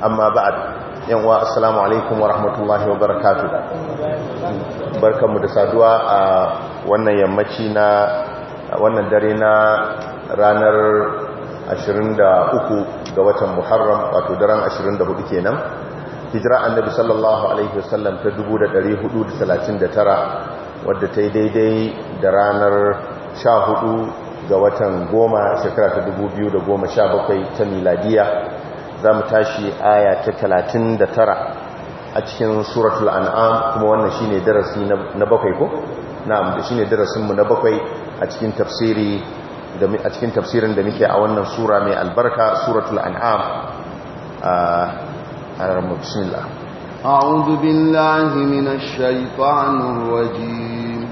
amma ba'ad yanwa assalamu alaikum wa rahmatullahi wa barakatuh barkanmu da saduwa a wannan yammaci na wannan dare na ranar 23 ga watan Muharram wato daren 24 kenan hijira annabi sallallahu alaihi wasallam ta 1439 wadda ta yi daidai da ranar 14 ga watan goma shekara ta 2017 ta miladiya za mu tashi aya ta 39 a cikin suratul an'am kuma wannan shine darasi na bakwai ko na'am da shine darasin mu na bakwai a cikin tafsiri da a cikin tafsirin da muke a wannan sura mai albarka suratul an'am a bismillah a'udhu billahi minash shaitanir rajim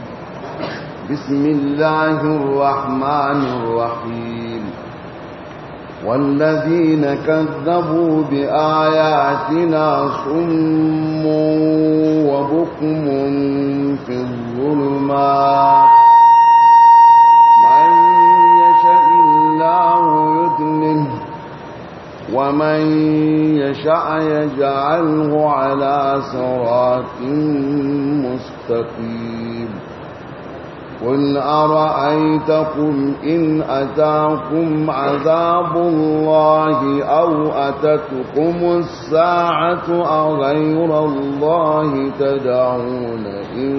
bismillahir rahmanir rahim والذين كذبوا بآياتنا صم وبكم في الظلمات من يشاء الله يدنه ومن يشاء يجعله على صراط مستقيم قل أرأيتكم إن أتاكم عذاب الله أو أتتكم الساعة أغير الله تدعون إن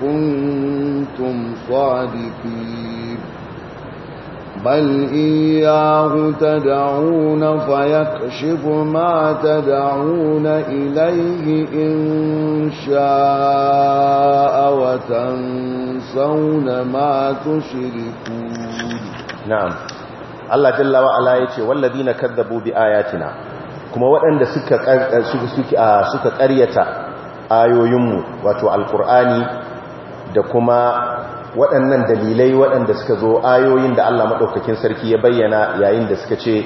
كنتم صادقين بل إياه تدعون فيكشف ما تدعون إليه إن شاء وتنسون ما تشركون نعم الله جل وعلا يتي والذين كذبوا بآياتنا كما وأن سكة قرية آيو يمو وتو القرآن دكما waɗannan dalilai waɗanda suka zo ayoyin da Allah maɗaukakin sarki ya bayyana yayin da suka ce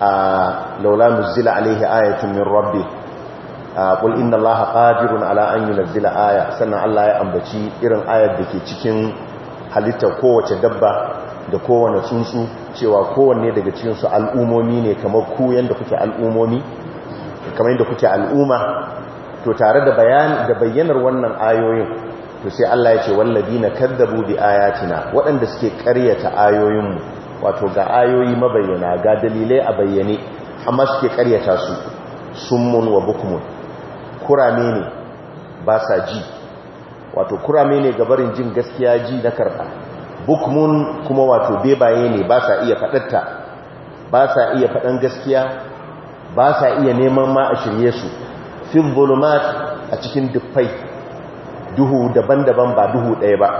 a laula muzila alaihi ayatun min rabbi qul inna allaha qadirun ala an yunzila aya sannan Allah ya ambaci irin ayar da ke cikin halittar kowace dabba da kowane tsuntsu cewa kowanne daga cikin su al'umomi ne kamar ku yanda kuke al'umomi kamar yanda kuke al'umma to tare da bayan da bayyanar wannan ayoyin to sai Allah ya ce walladina kadzabu bi ayatina waɗanda suke ƙaryata ayoyinmu wato ga ayoyi mabayyana ga dalilai a bayyane amma suke ƙaryata su summun wa bukmun kurame ne ba sa ji wato kurame ne ga barin jin gaskiya ji na karɓa bukmun kuma wato bebaye ne ba sa iya faɗarta ba sa iya faɗan gaskiya ba sa iya neman ma a shirye su fil zulumat a cikin dufai duhu daban-daban ba duhu ɗaya ba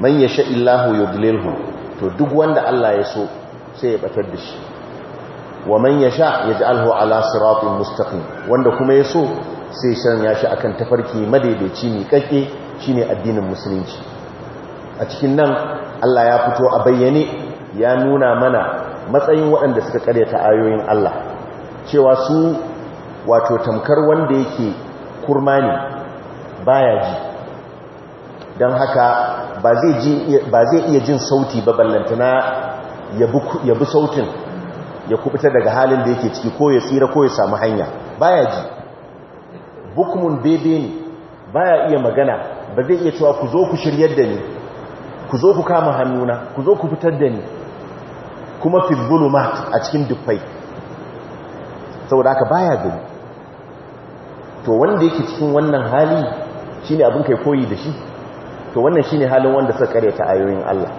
man ya sha illahu yudlilhu to duk wanda Allah ya so sai ya batar da shi wa man ya sha ya ji alhu ala siratun mustaqim wanda kuma ya so sai shan ya shi akan tafarki madaidaici mai shi ne addinin musulunci a cikin nan Allah ya fito a bayyane ya nuna mana matsayin waɗanda suka ƙaryata ayoyin Allah cewa su wato tamkar wanda yake kurma ne baya ji don haka ba zai iya jin sauti ba ballantana ya bi sautin ya kubuta daga halin da yake ciki ko ya tsira ko ya samu hanya baya ji bukumin bebe ne baya iya magana ba zai iya cewa ku zo ku shiryar da ni ku zo ku kama hannuna ku zo ku fitar da ni kuma ma a cikin dubbai saboda aka baya gani to wanda yake cikin wannan hali ne abin kai koyi da shi to wannan shi ne halin wanda suka karyata ayoyin Allah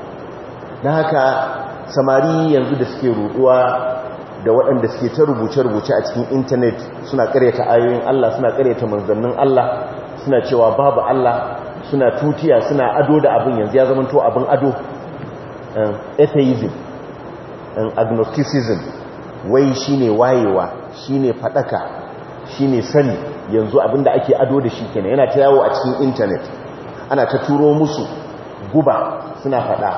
na haka samari yanzu da suke ruduwa da waɗanda suke ta rubuce-rubuce a cikin intanet suna karyata ayoyin Allah suna karyata manzannin Allah suna cewa babu Allah suna tutiya suna ado da abin yanzu ya zamanto abin ado eh, atheism eh, agnosticism wai shine wayewa shine faɗaka. Shi shine sani yanzu abinda ake ado da shi kenan yana ta yawo a cikin intanet ana ta turo musu guba suna faɗa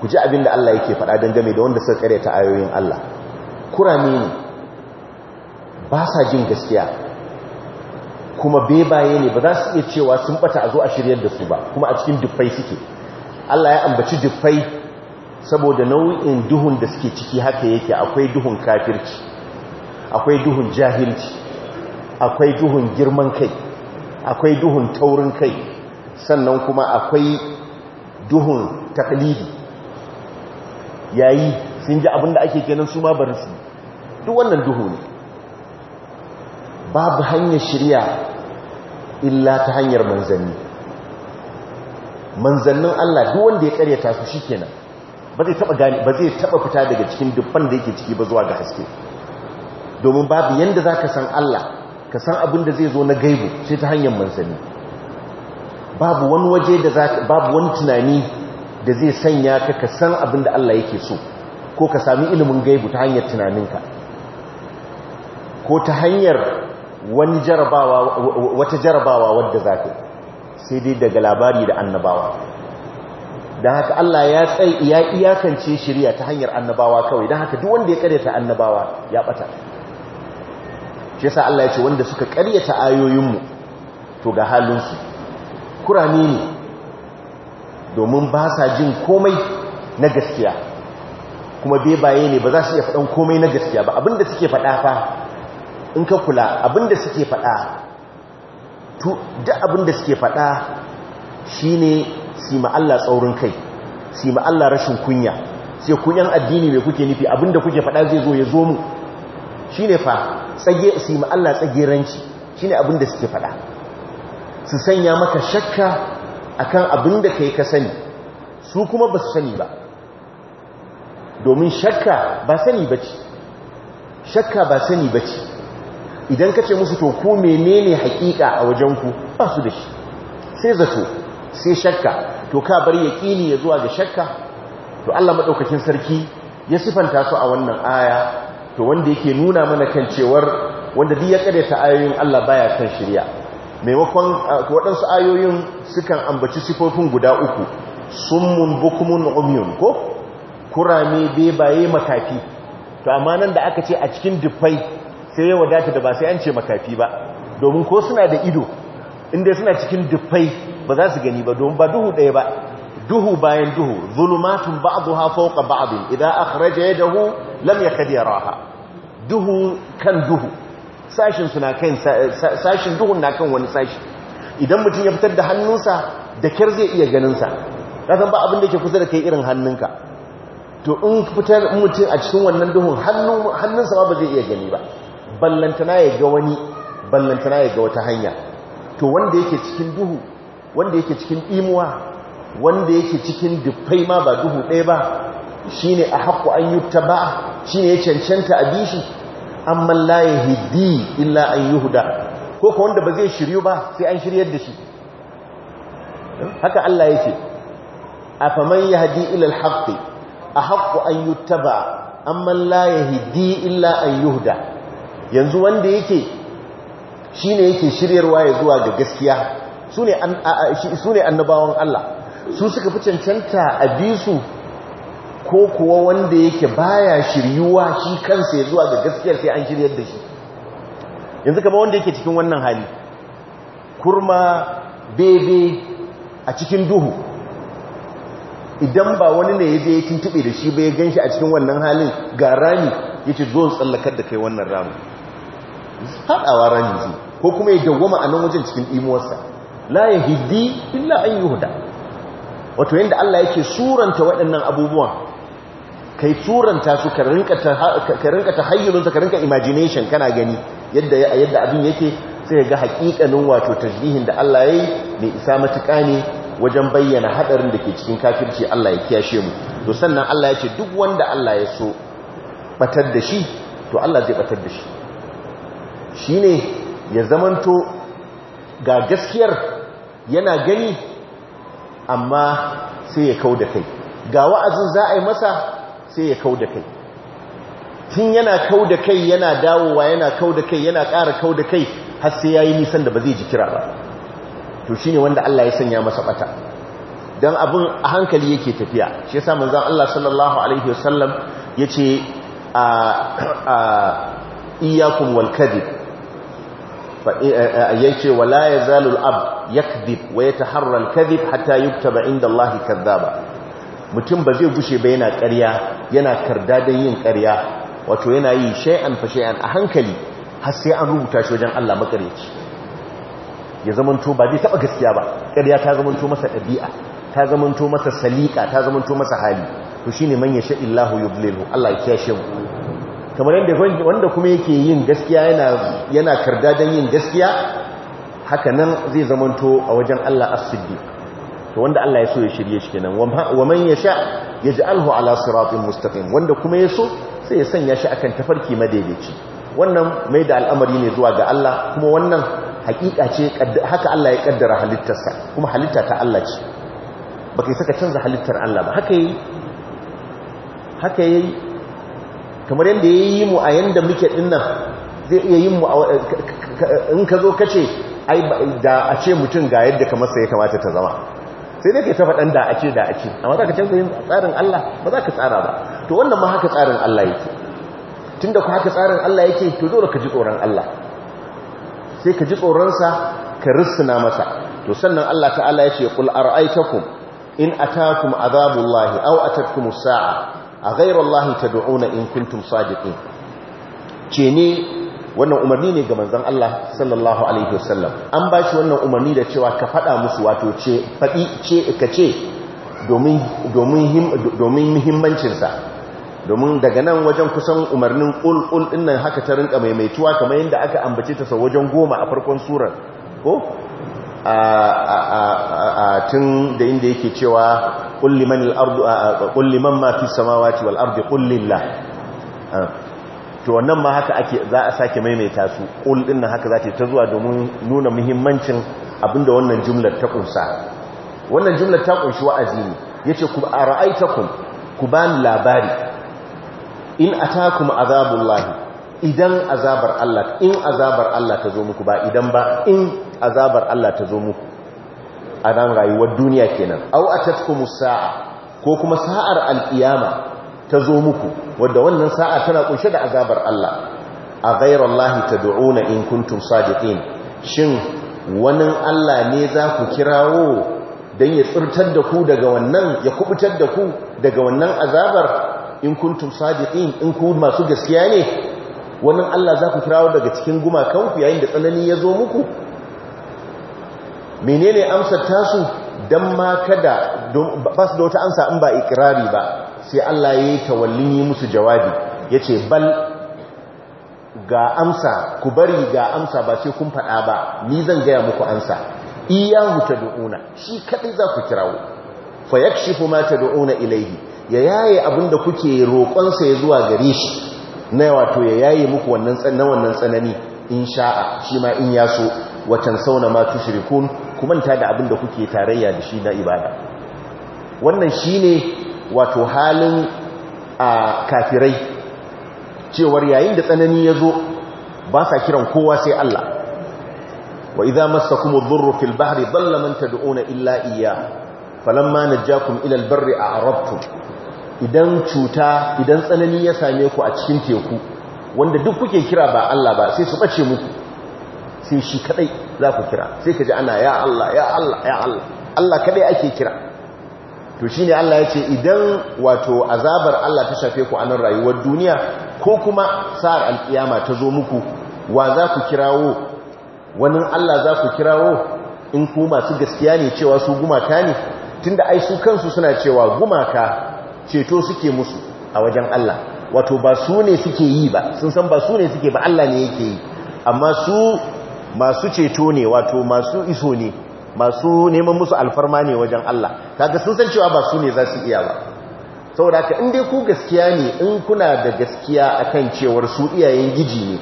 ku ji abinda Allah yake faɗa dangane da wanda suka kare ta ayoyin Allah kurame ne ba sa jin gaskiya kuma bebaye ne ba za su iya cewa sun bata a zo a shiryar da su ba kuma a cikin dufai suke Allah ya ambaci dufai saboda nau'in duhun da suke ciki haka yake akwai duhun kafirci akwai duhun jahilci akwai duhun girman kai akwai duhun taurin kai sannan kuma akwai duhun taklidi yayi sun ji abinda ake kenan su ma bari su duk wannan duhu ne babu hanyar shirya illa ta hanyar manzanni manzannin Allah duk wanda ya karyata su shi ba zai taɓa ba zai taba fita daga cikin dubban da yake ciki ba zuwa ga haske domin babu yadda za ka san Allah ka san abin da zai zo na gaibu sai ta hanyar manzanni babu wani waje da za babu wani tunani da zai sanya ka ka san abin da Allah yake so ko ka sami ilimin gaibu ta hanyar tunaninka ko ta hanyar wani jarabawa wata jarabawa wadda za ka sai dai daga labari da annabawa don haka Allah ya tsaye ya iyakance shirya ta hanyar annabawa kawai don haka duk wanda ya karyata annabawa ya ɓata. shi yasa Allah ya ce wanda suka karyata ayoyinmu to ga halinsu kurane ne domin ba sa jin komai na gaskiya kuma bebaye ne ba za su iya faɗan komai na gaskiya ba abinda suke faɗa fa in ka kula abinda suke faɗa duk abinda suke faɗa shine si ma Allah tsaurin kai si ma Allah rashin kunya sai kunyan addini mai kuke nufi abinda kuke faɗa zai zo ya zo mu Shi ne fa tsage su yi ma'alla Allah tsageranci shine abin da suke faɗa su sanya maka shakka akan abinda da yi ka sani su kuma ba su sani ba domin shakka ba sani bace shakka ba sani bace idan ka ce musu to mene menene hakika a wajenku ba su da shi sai zato sai shakka to ka bar kini ya zuwa ga shakka to Allah maɗaukacin sarki ya sifanta su a wannan aya to wanda yake nuna mana kan cewar wanda duk ya karyata ayoyin Allah baya kan shirya maimakon ah, waɗansu ayoyin sukan ambaci sifofin guda uku summun bukumun umyun ko kurame bebaye makafi to amma nan da aka ce a cikin dufai sai ya wadata da ba sai an ce makafi ba domin ko suna da ido inda suna cikin dufai ba za su gani ba domin ba duhu ɗaya ba duhu bayan duhu zulumatun ba'dhuha fawqa ba'd idan akhraja yadahu lam ya raha duhu kan duhu sashin suna kan sashin duhun na kan wani sashi idan mutum ya fitar da hannunsa da kyar zai iya ganinsa sa ba abin da ke kusa da kai irin hannunka to in fitar mutum a cikin wannan duhun hannunsa ba zai iya gani ba ballantana ya ga wani ballantana ya ga wata hanya to wanda yake cikin duhu wanda yake cikin imuwa wanda yake cikin dufai ma ba duhu ɗaya ba shine a haqqu an yi yuttaba shine ya cancanta a bishi an mallaye hiddi illa an huda ko ka wanda ba zai shiryu ba sai an shiryar da shi haka Allah ya ce, yake afaman ilal ila a ahaqqu an yi ba an mallaye hiddi illa an huda yanzu wanda yake ne yake shiryarwa ya zuwa ga gaskiya su ne annabawan Allah su suka fi cancanta a bisu ko kuwa wanda yake baya shiryuwa shi kansa ya zuwa ga gaskiyar sai an shiryar da shi yanzu kama wanda yake cikin wannan hali kurma bebe a cikin duhu idan ba wani ne ya je ya tuntube da shi bai gan shi a cikin wannan halin ga rami ya ce zuwan tsallakar da kai wannan rami haɗawa rami zai ko kuma ya dawwama a nan wajen cikin imuwarsa la ya hiddi illa an yi huda wato yadda Allah yake suranta waɗannan abubuwan kai turanta su ka rinka tahayyulunsa ka rinka imagination kana gani yadda abin yake sai ga hakikanin wato tajrihin da Allah ya yi mai isa matuƙa ne wajen bayyana haɗarin da ke cikin kafirci Allah ya kiyashe mu to sannan Allah ya ce duk wanda Allah ya so batar da shi to Allah zai batar da shi shi ne ya zamanto ga gaskiyar yana gani amma sai ya kau da kai ga wa'azin za a yi masa sai ya kau da kai tun yana kau da kai yana dawowa yana kau da kai yana ƙara kau da kai har sai ya yi nisan da ba zai ji kira ba to shi ne wanda Allah ya sanya masa ɓata don abin a hankali yake tafiya shi yasa manzan Allah sallallahu alaihi wasallam ya ce a iyakun walkadib eh, eh, yace wala yazalu al-abd yakdhib wa yataharra al-kadhib hatta yuktaba inda Allah kadhaba mutum ba zai gushe ba yana ƙarya yana karda don yin ƙarya wato yana yi shay'an fa shay'an a hankali har sai an rubuta shi wajen Allah makareci ya zamanto ba zai taba gaskiya ba ƙarya ta zamanto masa ɗabi'a ta zamanto masa salika ta zamanto masa hali to shine man lahu illahu yudlilhu Allah ya kiyashe mu kamar yadda wanda kuma yake yin gaskiya yana yana karda don yin gaskiya haka nan zai zamanto a wajen Allah as-siddiq to wanda Allah ya so ya shirye shi kenan wa man yasha yaj'alhu ala siratin mustaqim wanda kuma ya so sai ya sanya shi akan tafarki madaidaici wannan mai da al'amari ne zuwa ga Allah kuma wannan hakika ce haka Allah ya kaddara halittarsa kuma halitta ta Allah ce baka sa saka canza halittar Allah ba haka yi haka yi kamar yadda ya yi mu a yadda muke dinnan zai iya yin mu in ka zo kace ai da a ce mutum ga yadda kamar sai ya kamata ta zama sai dai kai ta faɗan da ake da ake amma za ka canza yin tsarin Allah ba za ka tsara ba to wannan ma haka tsarin Allah yake tun da haka tsarin Allah yake to dole ka ji tsoron Allah sai ka ji tsoronsa ka rissuna masa to sannan Allah ta'ala ya ce qul ara'aytakum in atakum azabullahi aw atatkum as-sa'a aghayra allahi tad'una in kuntum sadiqin ce ne wannan umarni ne ga manzon Allah sallallahu alaihi wasallam an ba shi wannan umarni da cewa ka faɗa musu wato ce faɗi ce ka ce domin muhimmancinsa domin daga nan wajen kusan umarnin ƙulƙul ɗin nan haka ta rinka maimaituwa kamar yadda aka ambace ta sau wajen goma a farkon surar ko a tun da inda yake cewa ƙulliman ma fi samawati wal ardi la. to wannan ma haka ake za a sake maimaita su ƙul ɗin haka za ta zuwa domin nuna muhimmancin abinda wannan jimlar ta ƙunsa wannan jumlar ta ƙunshi wa'azi ne ya ce ku a ra'aita ku ba ni labari in a azabun azabullahi idan azabar Allah in azabar Allah ta zo muku ba idan ba in azabar Allah ta zo muku a ran rayuwar duniya kenan au a tatkumu sa'a ko kuma sa'ar al'iyama ta zo muku wadda wannan sa'a tana kunshe da azabar Allah a gairar Allah ta du'una in kuntum sadiqin shin wani Allah ne za ku kirawo don ya tsirtar da ku daga wannan ya kubutar da ku daga wannan azabar in kuntum sadiqin in ku masu gaskiya ne wani Allah za ku kirawo daga cikin gumakanku yayin da tsanani ya zo muku menene amsar tasu don ma kada ba su da wata amsa in ba ikirari ba sai Allah ya yi tawallin yi musu jawabi ya ce bal ga amsa ku bari ga amsa ba sai kun faɗa ba ni zan gaya muku amsa iyahu da'una shi kadai za ku kirawo fa yakshifu ma dauna ilaihi ya yaye abinda kuke roƙonsa ya zuwa gare shi na wato ya yaye muku wannan wannan tsanani sha'a shi ma in ya so watan sauna ma shirikun ku manta da abinda kuke tarayya da shi na ibada wannan shine wato halin a kafirai cewar yayin da tsanani ya zo ba sa kiran kowa sai Allah wa idza massakum adh-dhurru fil bahri dhalla man tad'una illa iyya falamma najjakum ila al-barri a'rabtum idan cuta idan tsanani ya same ku a cikin teku wanda duk kuke kira ba Allah ba sai su bace muku sai shi kadai za ku kira sai kaji ana ya Allah ya Allah ya Allah Allah kadai ake kira to shi ne Allah ya ce idan wato azabar Allah ta shafe ku a nan rayuwar duniya ko kuma sa'ar alkiyama ta zo muku wa za ku kirawo wani Allah za ku kirawo in ku masu gaskiya ne cewa su gumaka ne tunda ai su kansu suna cewa gumaka ceto suke musu a wajen Allah wato ba su ne suke yi ba sun san ba su ne suke ba Allah ne yake yi amma su masu ceto ne wato masu iso ne masu neman musu alfarma ne wajen Allah kaga sun san cewa ba su ne za su iya ba saboda haka in dai ku gaskiya ne in kuna da gaskiya a kan cewar su iyayen giji ne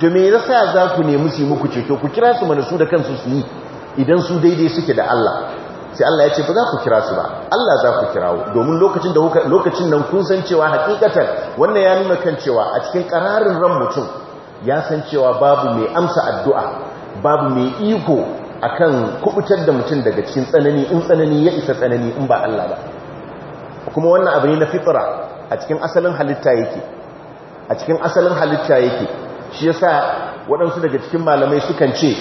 to me yasa za ku nemi su muku ceto ku kira su mana su da kansu su yi idan su daidai suke da Allah sai Allah ya ce ba za ku kira su ba Allah za ku kirawo domin lokacin da lokacin nan kun san cewa hakikatan wannan ya nuna kan cewa a cikin kararin ran mutum ya san cewa babu mai amsa addu'a babu mai iko akan kubutar da mutum daga cikin tsanani in tsanani ya isa tsanani in ba Allah ba kuma wannan abu ne na fitra a cikin asalin halitta yake a cikin asalin halitta yake shi yasa waɗansu daga cikin malamai sukan ce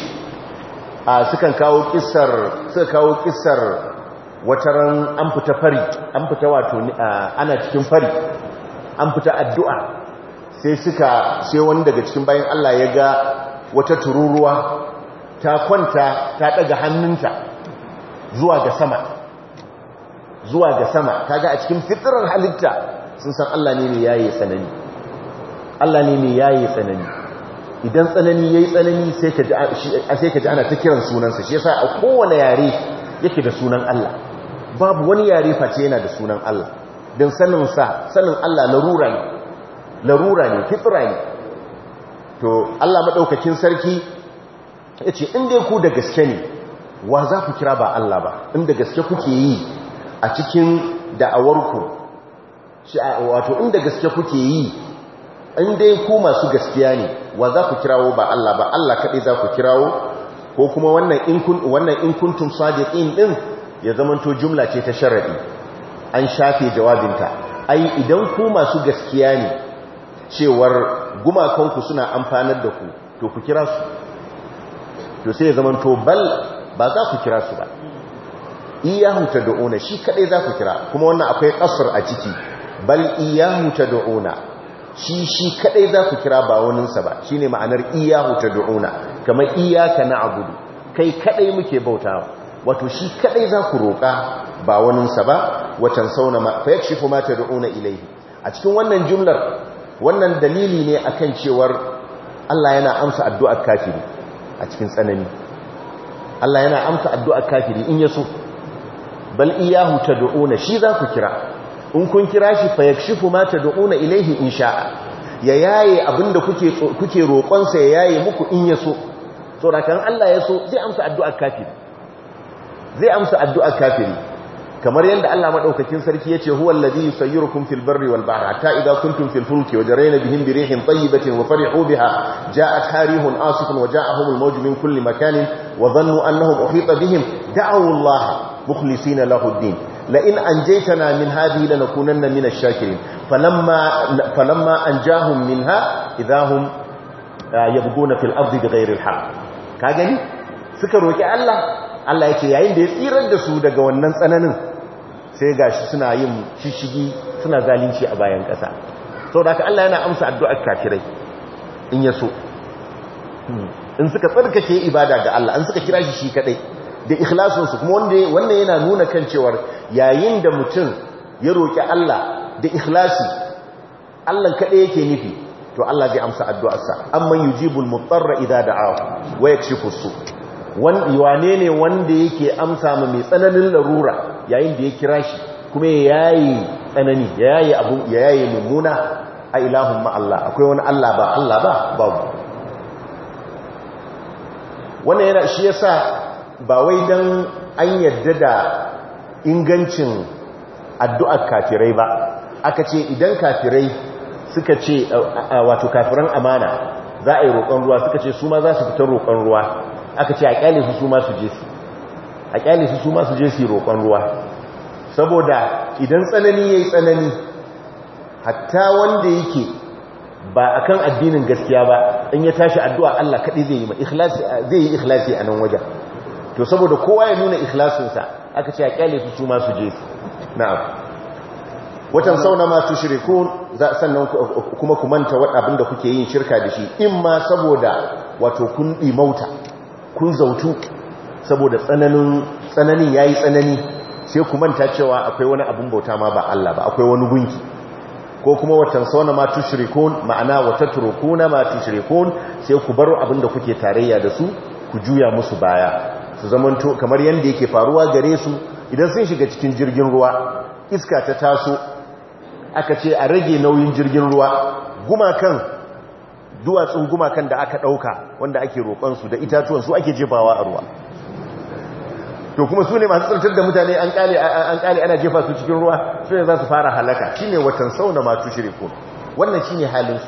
a sukan kawo kissar suka kawo kissar wataran an fita fari an fita wato ana cikin fari an fita addu'a sai suka sai wani daga cikin bayan Allah ya ga wata tururuwa ta kwanta ta daga hannunta zuwa ga sama zuwa ga sama ga a cikin fitrar halitta sun san Allah ne mai yayi tsanani Allah ne mai tsanani idan tsanani yayi tsanani sai ka ji ana ta kiran sunansa shi yasa a kowane yare yake da sunan Allah babu wani yare face yana da sunan Allah Don sanin sanin Allah larura ne larura ne fitira ne to Allah madaukakin sarki ya ce inda ku da gaske ne wa za ku kira ba Allah ba inda gaske kuke yi a cikin da'awarku wato inda gaske kuke yi inda ku masu gaskiya ne wa za ku kirawo ba Allah ba Allah kaɗai za ku kirawo ko kuma wannan in kuntum sadiqin ɗin ya zamanto jumla ce ta sharaɗi an shafe jawabinta ai idan ku masu gaskiya ne cewar gumakonku suna amfanar da ku to ku kira su to sai ya zamanto bal ba za ku kira su ba iyahu tad'una shi kadai za ku kira kuma wannan akwai qasr a ciki bal iyahu tad'una shi shi kadai za ku kira ba wani sa ba shine ma'anar iyahu tad'una kamar iyyaka na'budu kai kadai muke bauta wato shi kadai za ku roka ba wani sa ba watan sauna ma fa yakshifu ma tad'una ilayhi a cikin wannan jumlar wannan dalili ne akan cewar Allah yana amsa addu'ar kafiri a cikin tsanani Allah yana amsa addu'a kafiri in yaso bal iyahu tad'una shi za ku kira in kun kira shi fa yakshifu ma tad'una ilayhi in sha'a ya yaye abinda kuke kuke roƙon sa ya yaye muku in yaso to da kan Allah yaso zai amsa addu'a kafiri zai amsa addu'a kafiri kamar yadda Allah madaukakin sarki yace huwal ladhi yusayyirukum fil barri wal bahri hatta idha kuntum fil fulki wajarayna bihim bi rihin tayyibatin wa farihu biha ja'at harihun asifun wa ja'ahum al mawj min kulli makanin wa dhannu annahum uhita bihim da'u Allah mukhlisina lahu ad-din la in anjaytana min hadhihi lanakunanna min ash-shakirin falamma falamma anjahum minha idahum uh, yabghuna fil ardi bighayri al-haq ka gani suka roki Allah Allah yake yayin da ya tsirar da su daga wannan tsananin sai ga shi suna yin shishigi suna zalunci a bayan ƙasa saboda haka Allah yana amsa addu'ar kafirai in ya so in suka tsarkake ibada ga Allah in suka kira shi shi kadai da ikhlasinsu kuma wannan yana nuna kan cewar yayin da mutum ya roƙi Allah da ikhlasi Allah kadai yake nufi to Allah zai amsa addu'arsa amman yujibul mutarra idza da'ahu wa yakshifu su wane ne wanda yake amsa ma mai tsananin larura yayin da ya kira shi kuma ya yayi tsanani ya yayi abu ya yayi mummuna a ilahun ma'allah akwai wani Allah ba Allah ba babu wannan yana shi yasa ba wai dan an yadda da ingancin addu'ar kafirai ba aka ce idan kafirai suka ce wato kafiran amana za a yi roƙon ruwa suka ce su ma za su fitar roƙon ruwa aka ce a ƙyale su su ma su je su a kyale su su masu je su roƙon ruwa saboda idan tsanani ya yi tsanani hatta wanda yake ba a kan addinin gaskiya ba in ya tashi addu'a Allah kaɗi zai yi ikhlasi a nan wajen to saboda kowa ya nuna ikhlasinsa aka ce a kyale su su masu je su na'am watan sauna ma tushrikun sannan kuma ku manta abin da kuke yin shirka da shi in ma saboda wato kun ɗi mauta, kun zautu saboda tsananin ya yi tsanani sai ku manta cewa akwai wani abin bauta ma ba Allah ba akwai wani gunki ko kuma watan sauna ma shirikun ma'ana wata turukuna ma shirikun sai ku baro abin da kuke tarayya da su ku juya musu baya su zamanto kamar yadda yake faruwa gare su idan sun shiga cikin jirgin ruwa iska ta taso aka ce a rage nauyin jirgin ruwa gumakan duwatsun gumakan da aka ɗauka, wanda ake roƙonsu da itatuwan su ake jefawa a ruwa to kuma su ne masu tsantar da mutane an kali ana jefa su cikin ruwa su ne za su fara halaka shi ne watan sauna masu shirikun wannan shi ne halinsu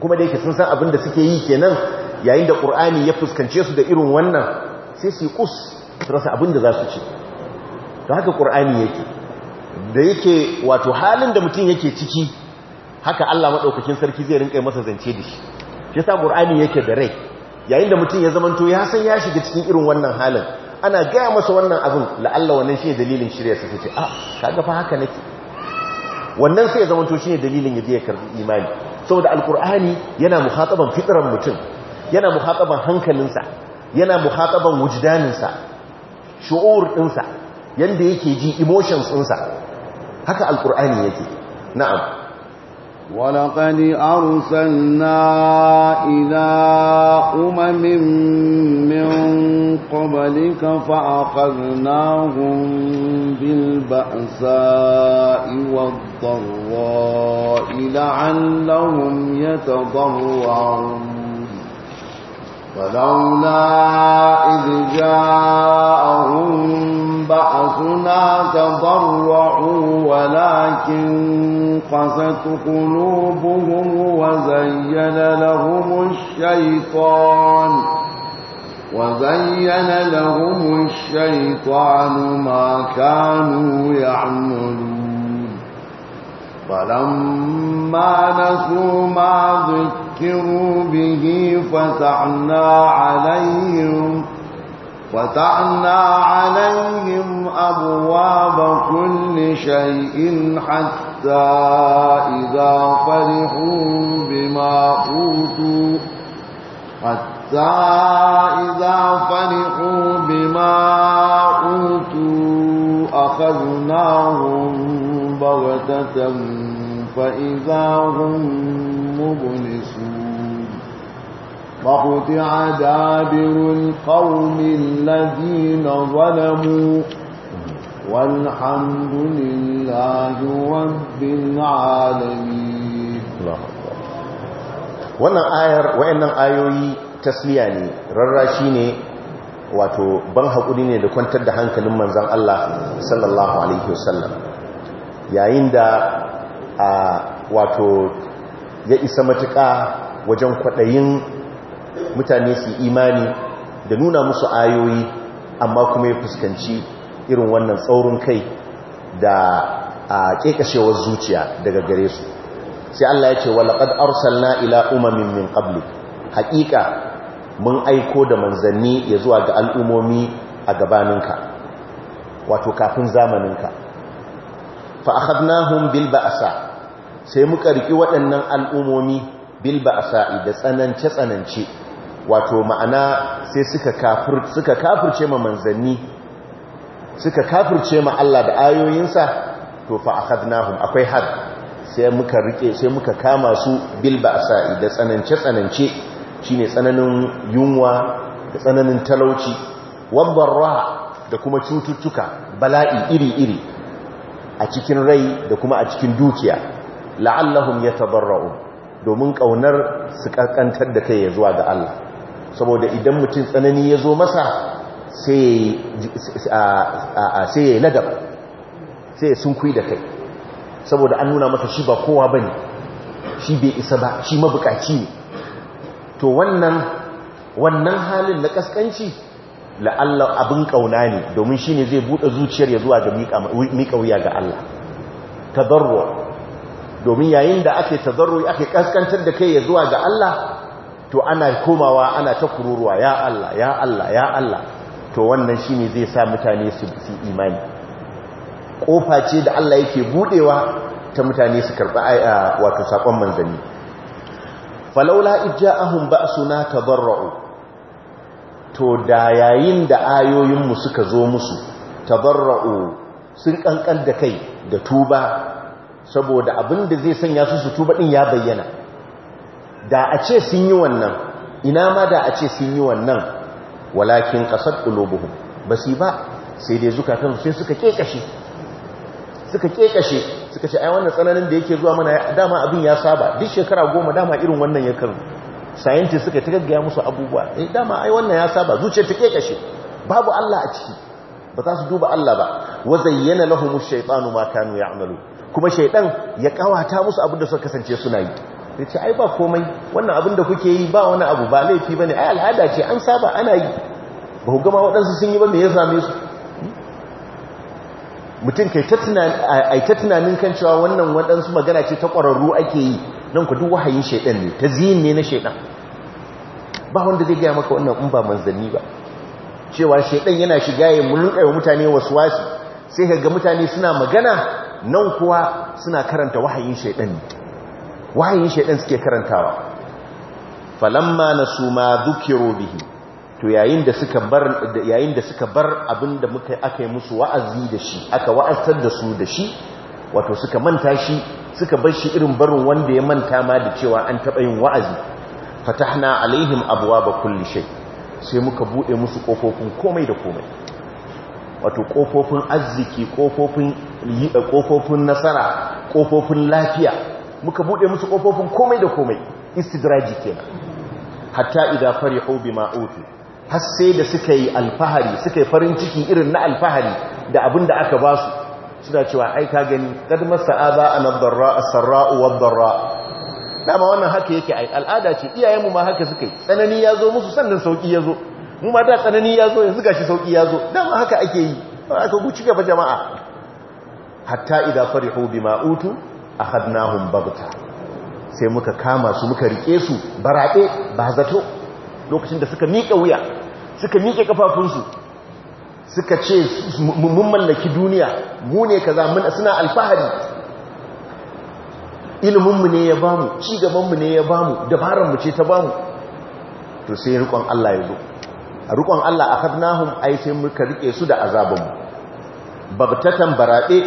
kuma da yake sun san abin da suke yi kenan yayin da ƙur'ani ya fuskance su da irin wannan sai su yi kus su rasa abin da za su ce to haka ƙur'ani yake da yake wato halin da mutum yake ciki haka allah maɗaukakin sarki zai rinƙa masa zance da shi shi sa ƙur'ani yake da rai yayin da mutum ya zamanto ya san ya shiga cikin irin wannan halin ana gaya masa wannan abin la'alla wannan shi ne dalilin shirya su ce a ah, kaga fa haka nake wannan sai ya zamanto shi ne dalilin ya je ya karbi imani saboda alkur'ani yana muhataban fitran mutum yana muhataban hankalinsa yana muhataban wujdaninsa shu'ur ɗinsa yanda yake ji emotions ɗinsa haka alkur'ani yake na'am ولقد أرسلنا إلى أمم من قبلك فأخذناهم بالبأساء والضراء لعلهم يتضرعون فلولا إذ جاءهم بأسنا تضرعوا ولكن قست قلوبهم وزين لهم الشيطان وزين لهم الشيطان ما كانوا يعملون فلما نسوا ما ذكروا ذكروا به فتعنا عليهم فتعنا عليهم أبواب كل شيء حتى إذا فرحوا بما أوتوا حتى إذا فرحوا بما أوتوا أخذناهم بغتة فإذا هم مبلسون فقطع دابر القوم الذين ظلموا والحمد لله رب العالمين wannan ayar wayannan ayoyi tasliya ne rarrashi ne wato ban hakuri ne da kwantar da hankalin manzon Allah sallallahu alaihi wasallam yayin da wato ya isa matuƙa wajen kwaɗayin mutane su imani da nuna musu ayoyi amma kuma ya fuskanci irin wannan tsaurin kai da a ƙeƙashewar zuciya daga gare su sai Allah ya ce walaƙad arsalna ila umamin min ƙabli haƙiƙa mun aiko da manzanni ya zuwa ga al'ummomi a gabaninka wato kafin zamaninka fa hun bil ba'asa sai muka riki waɗannan al'umomi bil sa’i da tsanance tsanance wato ma'ana sai suka kafirce ma manzanni suka kafirce ma Allah da ayoyinsa to fa akhadnahum akwai had sai muka rike sai muka kama su bil sa’i da tsanance tsanance ne tsananin yunwa da tsananin talauci wabbarra da kuma cututtuka bala'i iri-iri a cikin rai da kuma a cikin dukiya la'allahum yatabarra'un domin ƙaunar su ƙanƙantar da kai zuwa ga Allah saboda idan mutum tsanani ya zo masa sai ya ladab sai sun kui da kai saboda an nuna masa shi ba kowa ba shi bai isa ba shi mabukaci ne to wannan halin na ƙasƙanci la'allahu abin ƙauna ne domin shi ne zai buɗe zuciyar ya zuwa ga miƙa wuya ga Allah tabarwa domin yayin da ake tazarru ake kaskantar da kai ya zuwa ga Allah to ana komawa ana ta kururuwa ya Allah ya Allah ya Allah to wannan shine zai sa mutane su yi imani kofa ce da Allah yake budewa ta mutane su karba wato sakon manzanni falaula ijja'ahum ba'suna tabarra'u to da yayin da ayoyin mu suka zo musu tabarra'u sun kankan da kai da tuba saboda abin da zai sanya su su tuba din ya bayyana da a ce sun yi wannan ina ma da a ce sun yi wannan walakin ƙasar qasad ba basi ba sai dai zukatan sai suka ƙeƙashe suka ƙeƙashe suka ce ai wannan tsananin da yake zuwa mana dama abin ya saba duk shekara goma dama irin wannan ya karu scientists suka ta gaggaya musu abubuwa eh dama ai wannan ya saba zuciyar ta kekashe babu Allah a ciki ba za su duba Allah ba wa zayyana lahumu shaytanu ma kanu ya'malu kuma shaidan ya kawata musu abinda da suka kasance suna yi ya ce ai ba komai wannan abin da kuke yi ba wani abu ba laifi ba ne ai al'ada ce an saba ana yi ba ku gama waɗansu sun yi ba mai ya same su mutum kai ta tunanin kan cewa wannan waɗansu magana ce ta ƙwararru ake yi don ku duk wahayin shaidan ne ta ziyin ne na shaidan ba wanda zai gaya maka wannan in ba manzanni ba cewa shaidan yana shiga ya mulɗa wa mutane wasu wasu sai ka ga mutane suna magana nan kuwa suna karanta wahayin shaidan wahayin shaidan suke karantawa falamma nasu ma dhukiru bihi to yayin da suka bar yayin da suka bar abinda muka aka yi musu wa'azi da shi aka wa'azar da su da shi wato suka manta shi suka bar shi irin barin wanda ya manta ma da cewa an taba yin wa'azi fatahna alaihim abwaaba kulli shay sai muka bude musu kofofin komai da komai wato kofofin arziki kofofin eh, kofofin nasara kofofin lafiya muka buɗe musu kofofin komai da komai istidraji kenan hatta idan fari bima utu har sai da suka yi alfahari suka yi farin ciki irin na alfahari da abin da aka ba su suna cewa aika ka gani a masa'aba anaddarra a sarrau wad-darra dama wannan haka yake al'ada ce iyayenmu ma haka suka yi tsanani ya zo musu sannan sauƙi ya zo. mu ma da tsanani ya zo yanzu gashi sauki ya zo dama haka ake yi aka guci gaba jama'a hatta idza farihu bima utu akhadnahum babta sai muka kama su muka rike su barabe ba zato lokacin da suka mika wuya suka miƙe kafafunsu suka ce mun mallaki duniya mu ne kaza mun suna alfahari iliminmu ne ya bamu mu ne ya bamu dabaranmu ce ta bamu to sai rikon Allah ya zo rukon Allah a akhadnahum ai sai muka rike su da mu. babtatan baraɗe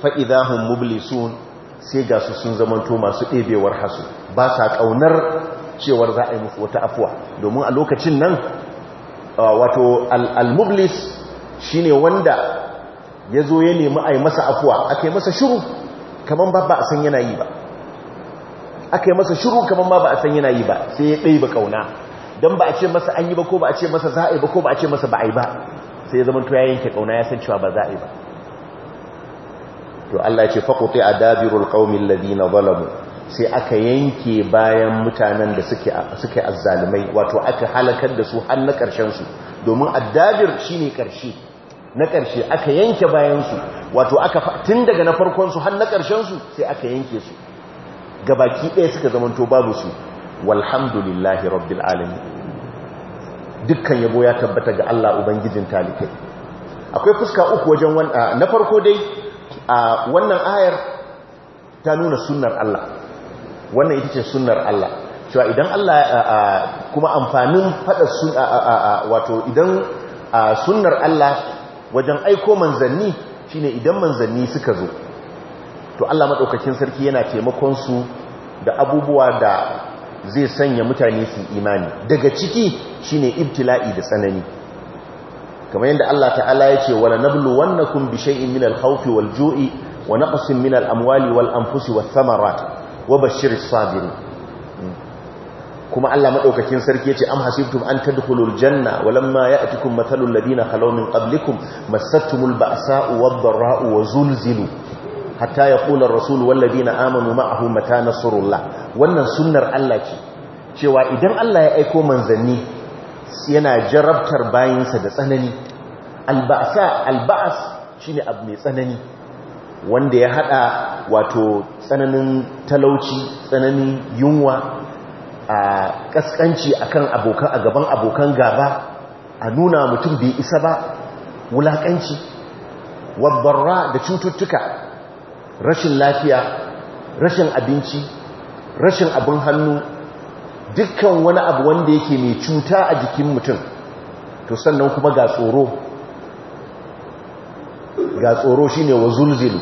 fa idahum mublisun sai ga su sun zamanto masu ɗebewar hasu ba sa ƙaunar cewar za a yi musu wata afuwa domin a lokacin nan wato al-mublis ne wanda ya zo ya nemi a yi masa afuwa aka yi masa shiru kamar ba ba a san yana yi ba aka yi masa shiru kamar ba ba a san yana yi ba sai ya ɗai ba ƙauna. don ba a ce masa an yi ba ko ba a ce masa za ba ko ba a ce masa ba ba sai zama tuya yanke kauna ya san cewa ba za a yi ba to Allah ce a dabirul kaumin ladina zalamu sai aka yanke bayan mutanen da suke suke azzalimai wato aka halakar da su har na karshen su domin shi ne karshe na karshe aka yanke bayan wato aka tun daga na farkon su har na karshen su sai aka yanke su gabaki ɗaya suka zamanto babu su walhamdulillahi rabbil alamin dukkan yabo ya tabbata ga Allah ubangijin talikai akwai fuska uku wajen ah, na farko dai ah, wannan ayar ta nuna sunnar Allah wannan ita ce sunnar Allah cewa idan Allah ah, kuma amfanin fada wato idan sunnar Allah wajen aiko manzanni shine idan manzanni suka zo to Allah madaukakin sarki yana taimakon su da abubuwa da zai sanya mutane su imani daga ciki shine ibtila'i da tsanani kamar yadda Allah ta'ala ya ce wala nablu wannakum bi shay'in min al-khawf wal-ju'i wa naqsin min al-amwali wal-anfusi wath wa bashshiris sabirin kuma Allah madaukakin sarki yace am hasibtum an tadkhulul janna walamma ya'tikum mathalul ladina khalaw min qablikum massatkumul ba'sa'u wad-dharra'u wa zulzilu hatta ya kula rasulu wallabi na amanu ma'ahu mata nasarullah wannan sunnar Allah ce cewa idan Allah ya aiko manzanni yana jarabtar bayansa da tsanani alba'as shi ne abu mai tsanani wanda ya hada wato tsananin talauci tsananin yunwa a ƙasƙanci akan abokan a gaban abokan gaba a nuna mutum bai isa ba wulaƙanci, wabbarra da cututtuka rashin lafiya rashin abinci rashin abin hannu dukkan wani abu wanda yake mai cuta a jikin mutum to sannan kuma ga tsoro ga tsoro shine wa zulzilu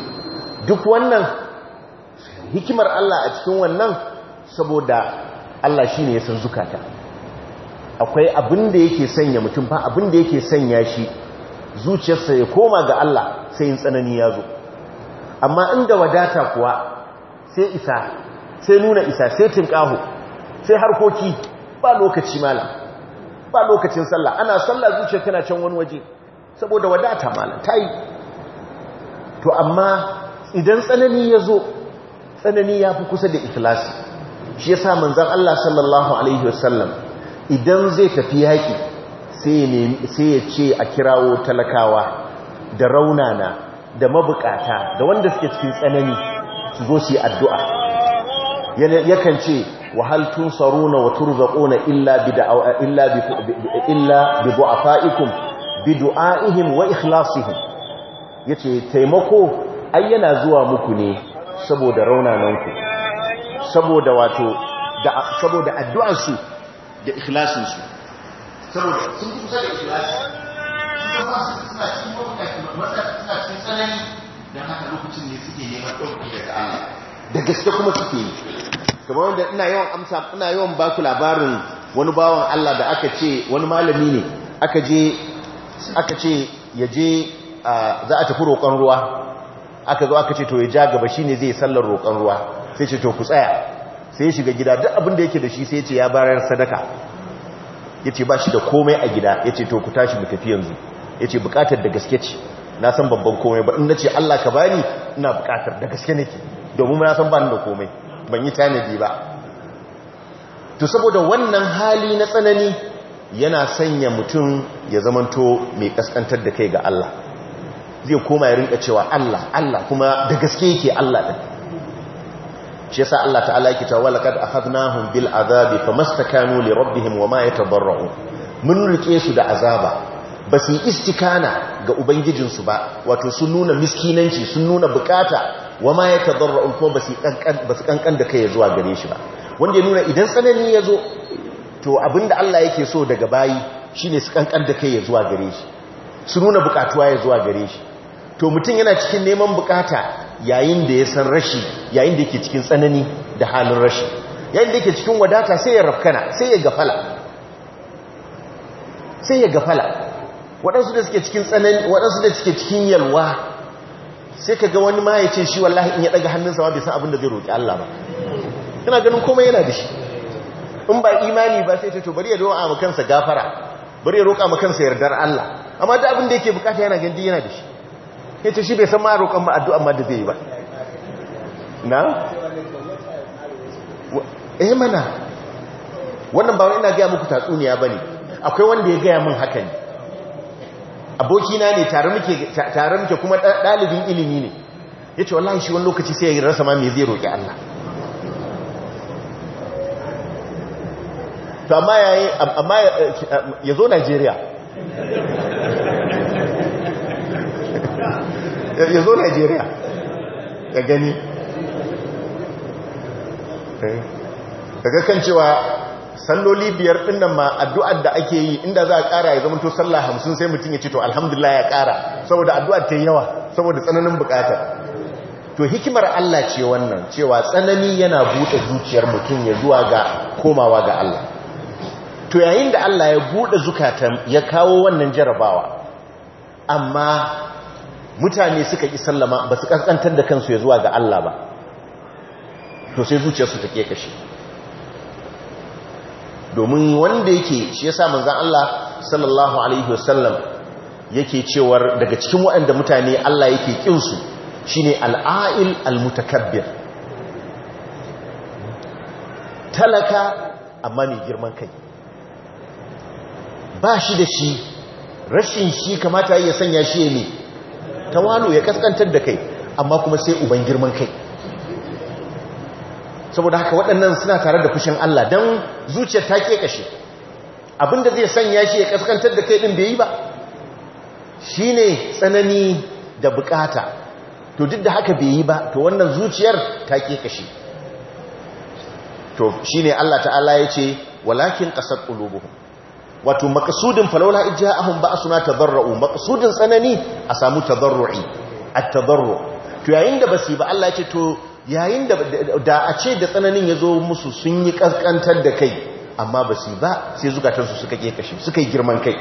duk wannan hikimar Allah a cikin wannan saboda Allah shi ne ya san zukata akwai abin da yake sanya mutum ba abin da yake sanya shi zuciyarsa ya koma ga Allah sai yin tsanani ya zo amma inda wadata kuwa sai isa sai nuna isa sai tinkaho sai harkoki ba lokaci malam ba lokacin sallah ana sallah zuciya tana can wani waje saboda wadata malam yi. to amma idan tsanani ya zo tsanani ya fi kusa da ikilasi shi ya sa manzan Allah sallallahu Alaihi wasallam idan zai tafi yaƙi sai ya ce a kirawo talakawa da raunana da mabukata da wanda suke cikin tsanani su zo su yi addu'a yakan ce wahal tun saruna wa turzaquna illa bi illa bi bi du'aihim wa ikhlasihim ce taimako ai yana zuwa muku ne saboda raunananku saboda wato da saboda addu'arsu da ikhlasinsu saboda sun kusa da ikhlasi sun kusa da matsalar tsanani don haka lokacin ne suke neman ɗauki daga Allah da gaske kuma suke yi kamar wanda ina yawan amsa ina yawan baku labarin wani bawan Allah da aka ce wani malami ne aka je aka ce ya je za a tafi roƙon ruwa aka zo aka ce to ya ja gaba shine zai sallar roƙon ruwa sai ce to ku tsaya sai shiga gida duk abin da yake da shi sai ce ya bayar sadaka yace ba shi da komai a gida yace to ku tashi mu tafi yanzu yace bukatar da gaske ce na san babban komai ba in na ce Allah ka bani ina bukatar da gaske nake domin na san bani da komai ban yi tanadi ba to saboda wannan hali na tsanani yana sanya mutum ya zamanto mai kaskantar da kai ga Allah zai koma ya rinka cewa Allah Allah kuma da gaske yake Allah din shi yasa Allah ta'ala yake cewa laqad akhadnahum bil azabi famastakanu li rabbihim wama yatabarra'u mun rike su da azaba ba su yi istikana ga ubangijinsu ba wato sun nuna miskinanci sun nuna bukata wa ma ya tadarra'un kuma ba su kankan da kai ya zuwa gare shi ba wanda ya nuna idan tsanani ya zo to abinda Allah yake so daga bayi shine su kankan da kai ya zuwa gare shi su nuna bukatuwa ya zuwa gare shi to mutum yana cikin neman bukata yayin da ya san rashi yayin da yake cikin tsanani da halin rashi yayin da yake cikin wadata sai ya rafkana sai ya gafala sai ya gafala waɗansu da suke cikin tsanani waɗansu da suke cikin yalwa sai ka ga wani ma ya ce shi wallahi in ya ɗaga hannunsa wa bai san abin da zai roƙi Allah ba Kana ganin komai yana da shi in ba imani ba sai ta to bari ya roƙa ma kansa gafara bari ya roƙa ma kansa yardar Allah amma da abin da yake bukata yana gandi yana da shi ya ce shi bai san ma roƙon ma addu'a ma da zai yi ba na eh mana wannan ba wani ina gaya muku tatsuniya bane akwai wanda ya gaya min haka ne abokina ne tare muke kuma ɗalibin ilimi ne ya ce wallahi shi wani lokaci sai ya rasa ma mai zai roƙi Allah to amma ya zo Najeriya ya zo Najeriya ya gani daga eh. kan cewa salloli biyar din nan ma addu'ar da ake yi inda za a ƙara ya zama to sallah hamsin sai mutum ya ce to alhamdulillah ya ƙara saboda addu'ar ta yawa saboda tsananin buƙatar to hikimar Allah ce wannan cewa tsanani yana buɗe zuciyar mutum ya zuwa ga komawa ga Allah to yayin da Allah ya buɗe zukatan ya kawo wannan jarabawa amma mutane suka ƙi sallama ba su ƙasƙantar da kansu ya zuwa ga Allah ba to sai zuciyarsu ta ke kashe domin wanda yake shi ya yasa manzan Allah sallallahu alaihi wasallam yake cewar daga cikin waɗanda mutane Allah yake ƙinsu su shine al'ail almutakabbir talaka amma mai girman kai ba shi da shi rashin shi kamata ya sanya shi ne tawalu ya kaskantar da kai amma kuma sai uban girman kai saboda haka waɗannan suna tare da fushin Allah don zuciyar ta ke kashe abinda zai sanya shi ya kaskantar da kai ɗin bai yi ba shi ne tsanani da bukata to duk da haka bai yi ba to wannan zuciyar ta ke kashe to shi ne Allah ta'ala ya ce walakin ƙasar ƙulubuhun wato maƙasudin falola ijiya ahun ba a suna tabarra'u makasudin tsanani a samu tabarru'i a tazarru to yayin da ba su yi ba Allah ya ce to yayin da a ce da tsananin ya zo musu sun yi ƙasƙantar da kai amma ba su ba sai zukatarsu suka ƙeƙashe suka yi girman kai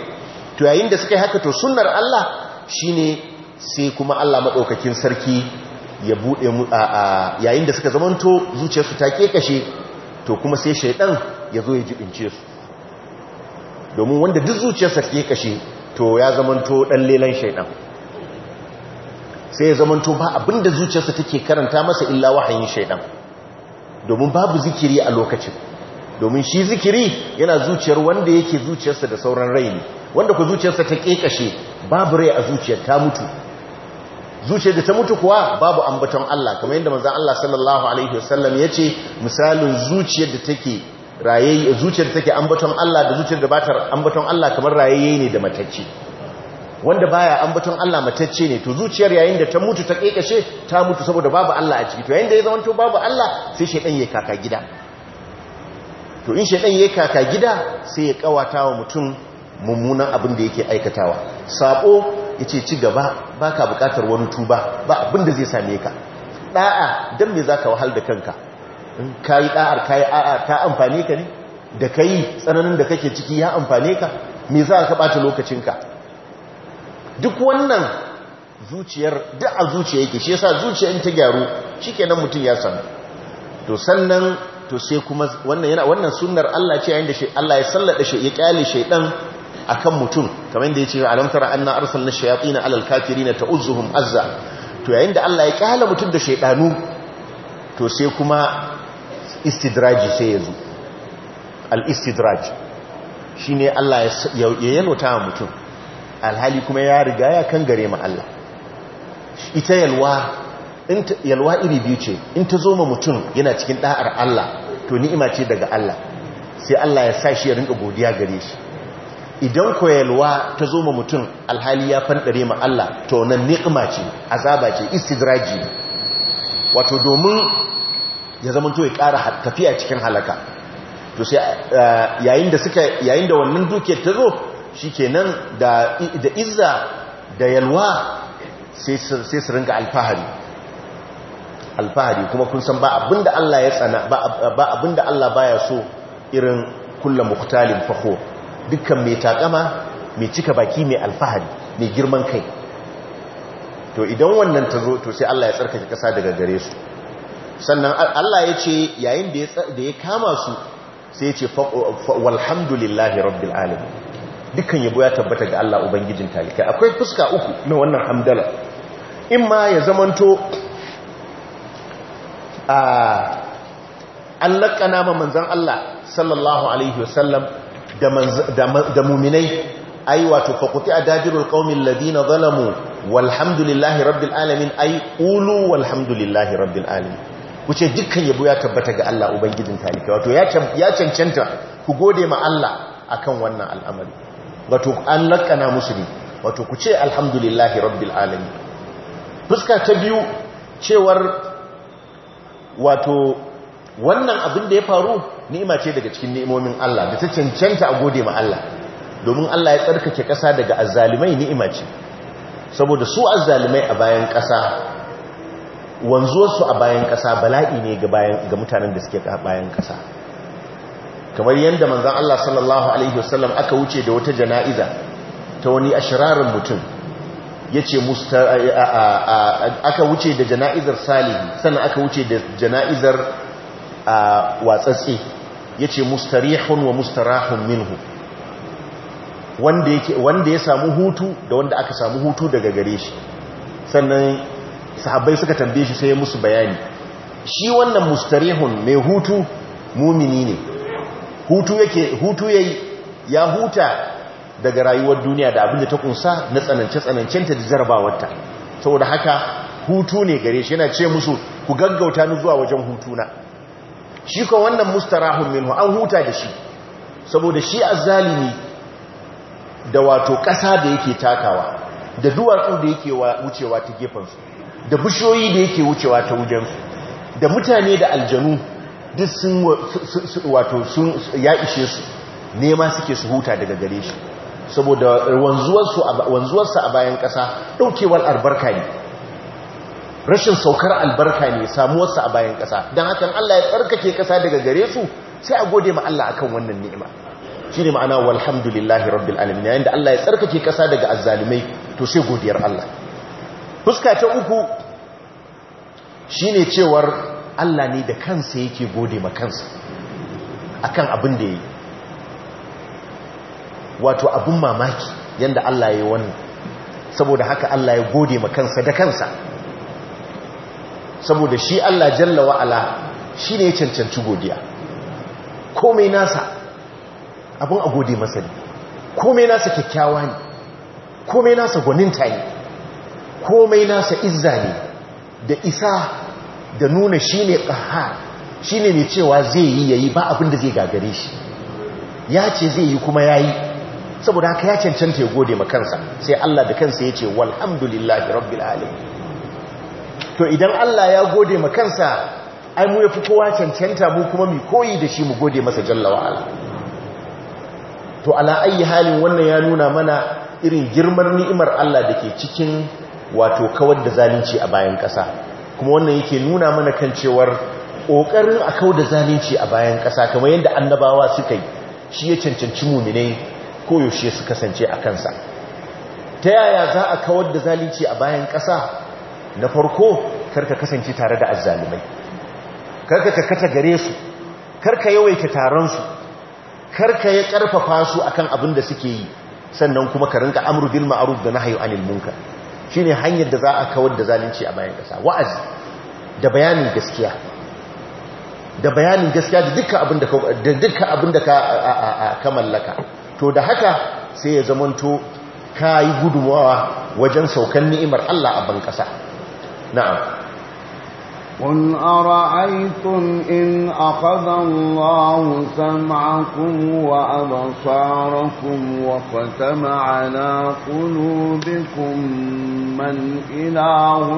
to yayin da suka yi haka to sunar Allah shi ne sai kuma Allah maɗaukakin sarki ya buɗe mu a yayin da suka zamanto zuciyarsu ta ƙeƙashe to kuma sai shaidan ya zo ya jibince su domin wanda duk zuciyarsa ƙeƙashe to ya zamanto ɗan lelan shaidan sai ya zamanto ba abinda zuciyarsa take karanta masa illa wahayin shaidan domin babu zikiri a lokacin domin shi zikiri yana zuciyar wanda yake zuciyarsa da sauran rai ne wanda ku zuciyarsa ta kekashe babu rai a zuciyar ta mutu zuciyar da ta mutu kuwa babu ambaton Allah kamar yadda manzon Allah sallallahu alaihi wasallam yace misalin zuciyar da take rayayi zuciyar take ambaton Allah da zuciyar da batar ambaton Allah kamar rayayye ne da matacce wanda baya ambaton Allah matacce ne to zuciyar yayin da ta mutu ta kekashe ta mutu saboda babu Allah a ciki to yayin da ya zama to babu Allah sai shedan yayi kaka gida to in shedan yayi kaka gida sai ya kawata wa mutum mummunan abin da yake aikatawa sako yace ci gaba baka bukatar wani tuba ba abin da zai same ka da'a dan me zaka wahal da kanka in kai da'ar kai a'a ta amfane ka ne da kai tsananin da kake ciki ya amfane ka me za ka bata lokacin ka. duk wannan zuciyar da a zuciya yake shi yasa zuciya in ta gyaru shikenan mutum ya samu to sannan to sai kuma wannan yana wannan sunnar Allah ce yayin da shi Allah ya sallada shi ya kyale shaydan akan mutum kamar yadda yake alam tara anna arsalna shayatin alal kafirin ta'uzuhum azza to yayin da Allah ya kyale mutum da shaydanu to sai kuma istidraji sai yazo al istidraj shine Allah ya yalwata mutum alhali kuma ya riga ya kan gare ma Allah ita yalwa yalwa iri biyu ce in ta zo ma mutum yana cikin da'ar Allah to ni'ima ce daga Allah sai Allah ya sa shi ya rinka godiya gare shi idan ko yalwa ta zo ma mutum alhali ya fanɗare ma Allah to nan ni'ima ce azaba ce istidraji wato domin ya zama to ya ƙara tafiya cikin halaka to sai eh, yayin da suka yayin da wannan dukiyar ta zo shikenan da da izza da yalwa sai su ringa alfahari alfahari kuma kun san ba abinda Allah ya tsana ba abinda Allah baya so irin kulla muhtalin fakhur dukkan mai takama mai cika baki mai alfahari mai girman kai to idan wannan ta zo to sai Allah ya tsarkake kasa daga gare su sannan Allah ya ce yayin da ya kama su sai ya ce walhamdulillahi rabbil alamin dukkan yabo ya tabbata ga Allah ubangijin talika akwai fuska uku na wannan hamdala in ma ya zamanto a an lakana ma manzan Allah sallallahu alaihi wasallam da muminai ai wato faquti adajirul qaumil ladina zalamu walhamdulillahi rabbil alamin ai qulu walhamdulillahi rabbil alamin kuce dukkan yabo ya tabbata ga Allah ubangijin talika wato ya cancanta ku gode ma Allah akan wannan al'amari wato an lakana musu ne wato ku ce alhamdulillahi rabbil alamin fuska ta biyu cewar wato wannan abin da ya faru ni'ima ce daga cikin ni'imomin Allah da ta cancanta a gode ma Allah domin Allah ya tsarkake ƙasa daga azzalimai ni'ima ce saboda su azzalimai a bayan ƙasa wanzuwarsu a bayan ƙasa bala'i ne ga mutanen da suke bayan ƙasa kamar yadda manzan Allah sallallahu Alaihi wasallam aka wuce da wata jana'iza ta wani ashirarin mutum ya ce aka wuce da jana'izar salihi sannan aka wuce da jana'izar watsatse ya ce mustarihun wa mustarahun minhu wanda ya samu hutu da wanda aka samu hutu daga gare shi sannan sahabbai suka tambaye shi sai ya musu bayani shi wannan mustarihun mai hutu mumini ne hutu yake hutu yayi ya huta daga rayuwar duniya da abin da ta kunsa na tsanance tsanancen ta da jarabawarta saboda haka hutu ne gare shi yana ce musu ku gaggauta ni zuwa wajen hutuna shi ko wannan mustarahun minhu an huta da shi saboda shi azzalimi da wato ƙasa da yake takawa da duwatsu da yake wucewa ta gefensu da bishiyoyi da yake wucewa ta wujensu da mutane da aljanu duk sun wato sun ya ishe su nema suke su huta daga gare shi saboda wanzuwarsa a bayan kasa ɗaukewar albarka ne rashin saukar albarka ne samuwarsa a bayan ƙasa don hakan Allah ya tsarkake kasa daga gare su sai a gode ma Allah akan wannan ni'ima shi ne ma'ana walhamdulillahi rabbil alamin yayin da Allah ya tsarkake kasa daga azzalumai to sai godiyar Allah fuska ta uku shine cewar Allah ne da kansa yake gode ma kansa akan abin da yi wato abin mamaki yadda Allah ya yi wannan saboda haka Allah ya gode ma kansa da kansa saboda shi Allah jalla wa'ala shi ne ya cancanci godiya komai nasa abin a gode masa ne komai nasa kyakkyawa ne komai nasa gwaninta ne komai nasa izza ne da isa da nuna shi ne ƙaha shi ne cewa zai yi ya yi ba abin da zai gagare shi ya ce zai yi kuma ya yi saboda haka ya cancanta ya gode makansa sai Allah da kansa ya ce walhamdulillahi rabbil alim to idan Allah ya gode makansa ai mu yafi kowa cancanta mu kuma mu koyi da shi mu gode masa jalla to ala ayi halin wannan ya nuna mana irin girman ni'imar Allah da ke cikin wato kawar da zalunci a bayan ƙasa kuma wannan yake nuna mana kan cewar ƙoƙarin a kawo da zalunci a bayan ƙasa kamar yadda annabawa suka yi shi ya cancanci muminai koyaushe su kasance a kansa ta yaya za a kawar da zalunci a bayan ƙasa na farko karka kasance tare da azzalumai karka kata gare su karka yawaita taron su karka ya ƙarfafa su akan abin da suke yi sannan kuma ka rinka amru bil ma'ruf da nahyi anil munkar Shi ne hanyar da za a kawar da zalunci a bayan ƙasa wa'azi da bayanin gaskiya da bayanin gaskiya da dukkan abin da ka dukkan abin da ka mallaka to da haka sai ya zamanto kai gudumawa wajen saukan ni'imar Allah a ban ƙasa na'am قل أرأيتم إن أخذ الله سمعكم وأبصاركم وختم على قلوبكم من إله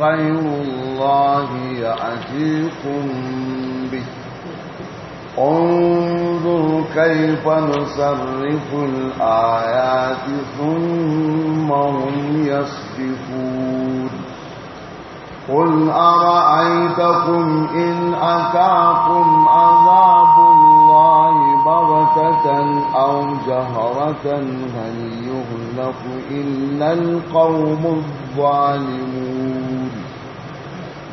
غير الله يأتيكم به انظر كيف نصرف الآيات ثم هم يصفون قل أرأيتكم إن أتاكم عذاب الله بغتة أو جهرة هل يهلك إلا القوم الظالمون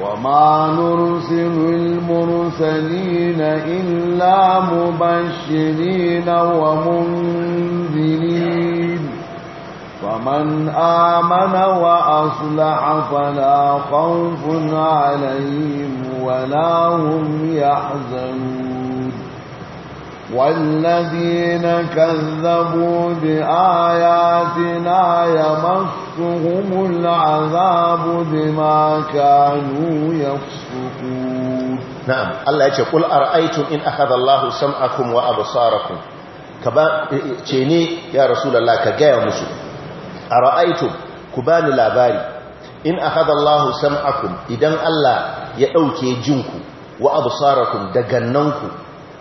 وما نرسل المرسلين إلا مبشرين ومنذرين فمن آمن وأصلح فلا خوف عليهم ولا هم يحزنون والذين كذبوا بآياتنا يمسهم العذاب بما كانوا يفسقون نعم الله يقول أرأيتم إن أخذ الله سمعكم وأبصاركم كبا تشيني يا رسول الله كجاء مسلم A ra'aitu ku bani labari in akhadha Allahu sam'akum idan Allah ya ɗauke jinku wa absarakum da gannanku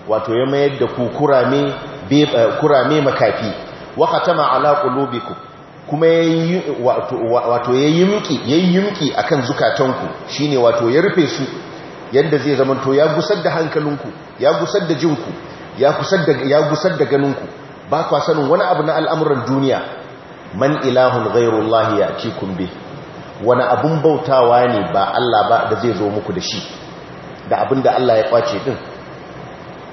wato ya mayar da ku kurame eh, kurame makafi wa khatama ala qulubikum kuma wato ya yimki akan zukatanku shine wato ya rufe su yadda zai zamanto ya gusar da hankalinku ya gusar da jinku ya gusar da ganinku ba kwa sanin wani abu na al'amuran duniya man ilahun ghairullah ya ci kumbe wani abun bautawa ne ba Allah ba da zai zo muku da shi da abin da Allah ya kwace din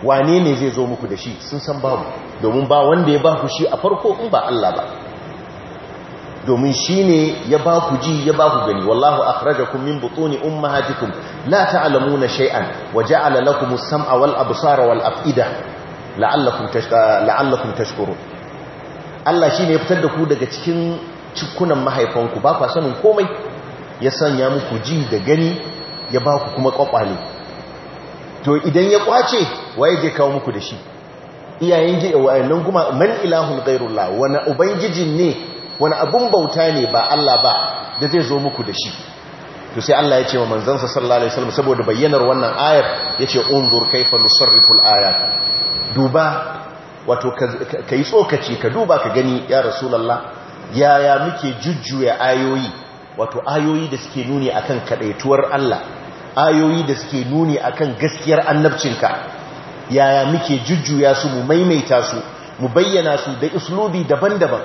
wane ne zai zo muku da shi sun san babu domin ba wanda ya ba ku shi a farko in ba Allah ba domin shi ne ya ba ku ji ya ba ku gani wallahu akhrajakum min butuni ummahatikum la ta'lamuna shay'an wa ja'ala alalaku as-sam'a wal absara wal af'ida la'allakum tashkurun Allah shi ne ya fitar da ku daga cikin cikunan mahaifanku ba kwa sanin komai ya sanya muku ji da gani ya ba ku kuma kwakwale to idan ya kwace waye je kawo muku da shi iyayen gida wayannan kuma man ilahun ghairullah wani Ubangijin ne wani abun bauta ne ba Allah ba da zai zo muku da shi to sai Allah ya ce wa manzansa sallallahu alaihi wasallam saboda bayyanar wannan ayar yace unzur kaifa nusarriful ayat duba wato ka yi tsokaci ka duba ka gani ya rasu rasulallah yaya muke jujjuya ayoyi wato ayoyi da suke nuni akan kaɗaituwar Allah ayoyi da suke nuni akan gaskiyar annabcinka yaya muke jujjuya su mu maimaita su mu bayyana su da islobi daban-daban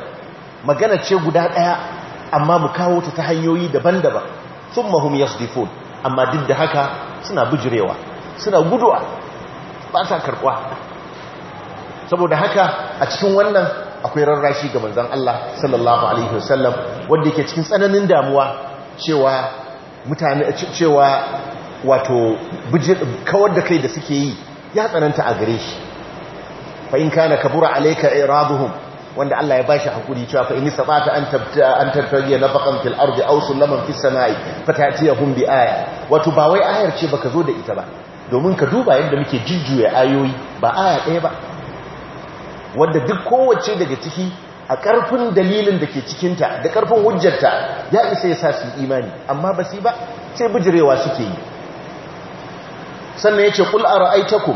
magana ce guda ɗaya amma mu kawo ta ta hanyoyi daban-daban thumma hum yasdifun amma duk da haka suna bujurewa suna guduwa ba sa karbuwa saboda haka a cikin wannan akwai rarrashi ga manzon Allah sallallahu alaihi wasallam wanda yake cikin tsananin damuwa cewa mutane cewa wato kawar da kai da suke yi ya tsananta a gare shi fa in kana kabura alayka iraduhum wanda Allah ya bashi hakuri cewa fa in sabata an tabta an tarfiya nafaqan fil ardi aw sulaman fis samai fatatiyahum bi aya wato ba wai ayar ce ka zo da ita ba domin ka duba yadda muke jijjuye ayoyi ba aya ɗaya ba wanda duk kowace daga ciki a ƙarfin dalilin da ke cikinta da ƙarfin hujjarta ya isa ya sa su imani amma ba su ba sai bijirewa suke yi sannan ya ce ƙul a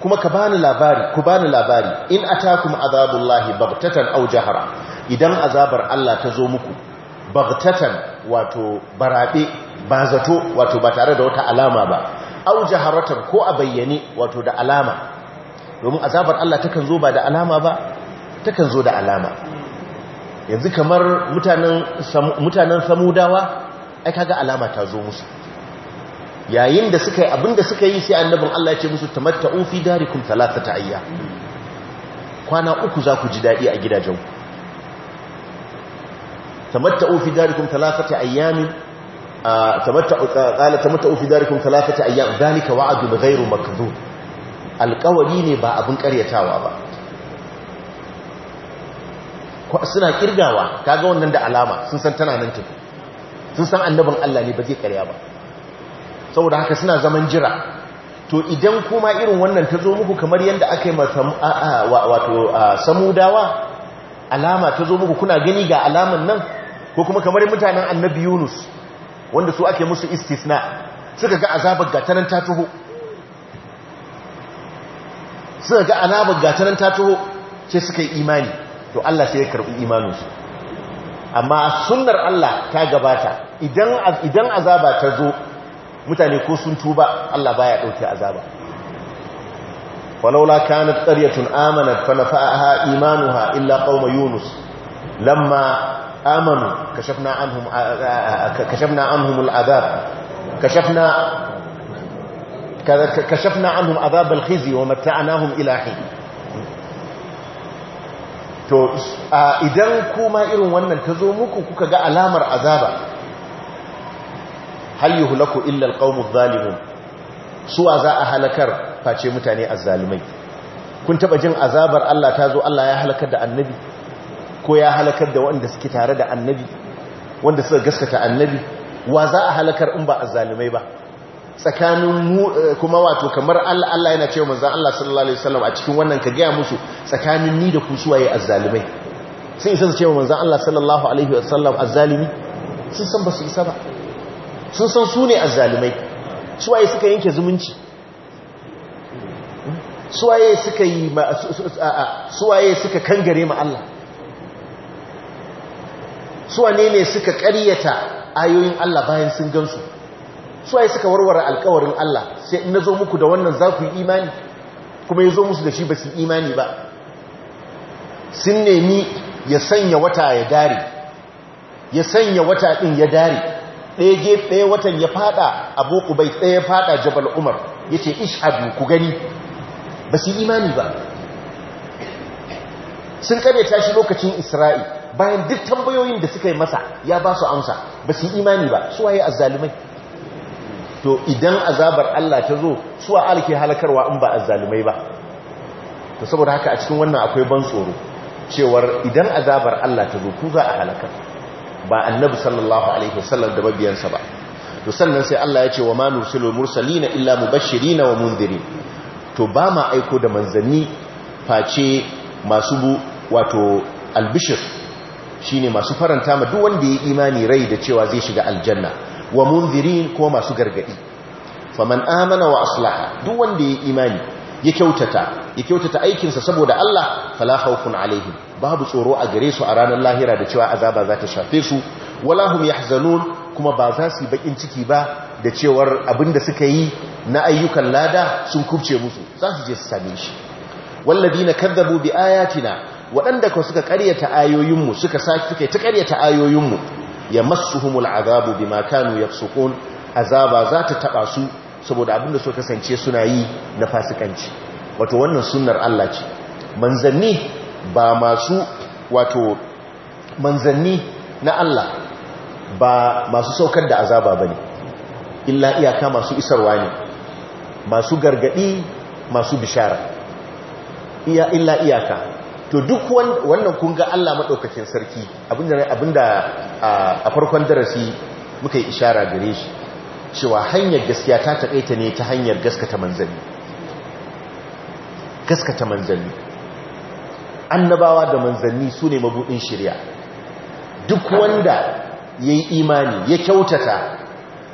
kuma ka bani labari ku bani labari in a azabun azabullahi bagtatan au jahara idan azabar Allah ta zo muku babtatan wato baraɓe ba zato wato ba tare da wata alama ba au jaharatan ko a bayyane wato da alama domin azabar Allah takan zo ba da alama ba takan zo da alama yanzu kamar mutanen samudawa ai kaga alama ta zo musu yayin da suka yi abinda suka yi sai annabin Allah ya ce musu tamatta'u fi darikum thalathata ayya kwana uku za ku ji dadi a gidajen gidajenku tamatta'u fi darikum thalathata ayyamin ah, tamatta qala tamatta'u fi darikum thalathata ayyam dhalika wa'dun ghayru makdhub alkawari ne ba abin karyatawa ba suna kirgawa ga wannan da alama sun san tana nan tafi sun san annabin Allah ne ba zai karya ba saboda haka suna zaman jira to idan kuma irin wannan ta zo muku kamar yadda aka yi wato samudawa alama ta zo muku kuna gani ga alaman nan ko kuma kamar mutanen annabi yunus wanda su ake musu istisna suka ga azabar gatanan ta tuho suka ga alamar gatanan ta taho ce suka yi imani to Allah sai ya karɓi imaninsu amma sunnar Allah ta gabata idan azaba ta zo mutane ko sun tuba Allah baya ɗauke azaba ولولا كانت قرية آمنت فنفعها إيمانها إلا قوم يونس لما آمنوا كشفنا عنهم كشفنا عنهم العذاب كشفنا kashafna anhum azabal khizi wa mata'anahum ila to idan kuma irin wannan ta zo muku kuka ga alamar azaba hal yuhlaku illa alqawmuz zalimun suwa za a halakar face mutane azzalimai kun taɓa jin azabar Allah ta zo Allah ya halakar da annabi ko ya halakar da wanda suke tare da annabi wanda suka gaskata annabi wa za a halakar in ba azzalimai ba tsakanin mu eh, kuma wato kamar Allah yana cewa manzon Allah sallallahu alaihi wasallam a cikin wannan ka gaya musu tsakanin ni da ku suwaye azzalimai sai isa su cewa manzon Allah sallallahu alaihi wasallam azzalimi sun san ba su isa ba sun san su ne azzalimai suwaye suka yanke zumunci suwaye suka yi waye suka kangare ma Allah wane ne suka ƙaryata ayoyin Allah bayan sun gansu Su suwaye suka warware alkawarin Allah sai in nazo muku da wannan za ku yi imani kuma yazo musu da shi ba su imani ba sun nemi ya sanya wata ya dare ya sanya wata din ya dare ɗaya ɗaya watan ya fada abu kubai ɗaya fada jabal umar yace ishadu ku gani ba su imani ba sun karyata tashi lokacin isra'i bayan duk tambayoyin da suka yi masa ya ba su amsa ba su imani ba suwaye waye azzalimai to idan azabar Allah ta zo suwa alke halakarwa in ba azzalumai ba to saboda haka a cikin wannan akwai ban tsoro cewar idan azabar Allah ta zo ku za a halaka ba annabi sallallahu alaihi wasallam da mabiyansa ba to sannan sai Allah ya ce wa ma nursilu mursalina illa mubashirina wa mundirin to ba ma aiko da manzanni face masu bu wato albishir shine masu faranta ma duk wanda ya yi imani rai da cewa zai shiga aljanna wa munzirin ko masu gargadi faman amana wa aslaha duk wanda ya imani ya kyautata ya kyautata aikinsa saboda Allah fala khawfun alaihim babu tsoro a gare su a ranar lahira da cewa azaba za ta shafe su wala hum yahzanun kuma ba za su bakin ciki ba da cewar abinda suka yi na ayyukan lada sun kubce musu za su je su same shi walladina kadzabu bi ayatina waɗanda ko suka ƙaryata ayoyinmu suka sake suka ta ƙaryata mu ya humul azabu makanu ya sukun azaba za ta taba su saboda abinda suka kasance suna yi na fasikanci wato wannan sunnar Allah ce manzanni ba masu wato manzanni na Allah ba masu saukar da azaba ba ne illa iyaka masu isarwa ne masu gargadi masu bishara illa iyaka to duk wannan kun ga Allah maɗaukakin sarki abinda a farkon darasi muka yi ishara gare shi cewa hanyar gaskiya ta taƙaita ne ta hanyar gaskata manzanni gaskata manzali annabawa da manzanni sune ne mabuɗin shirya duk wanda ya yi imani ya kyautata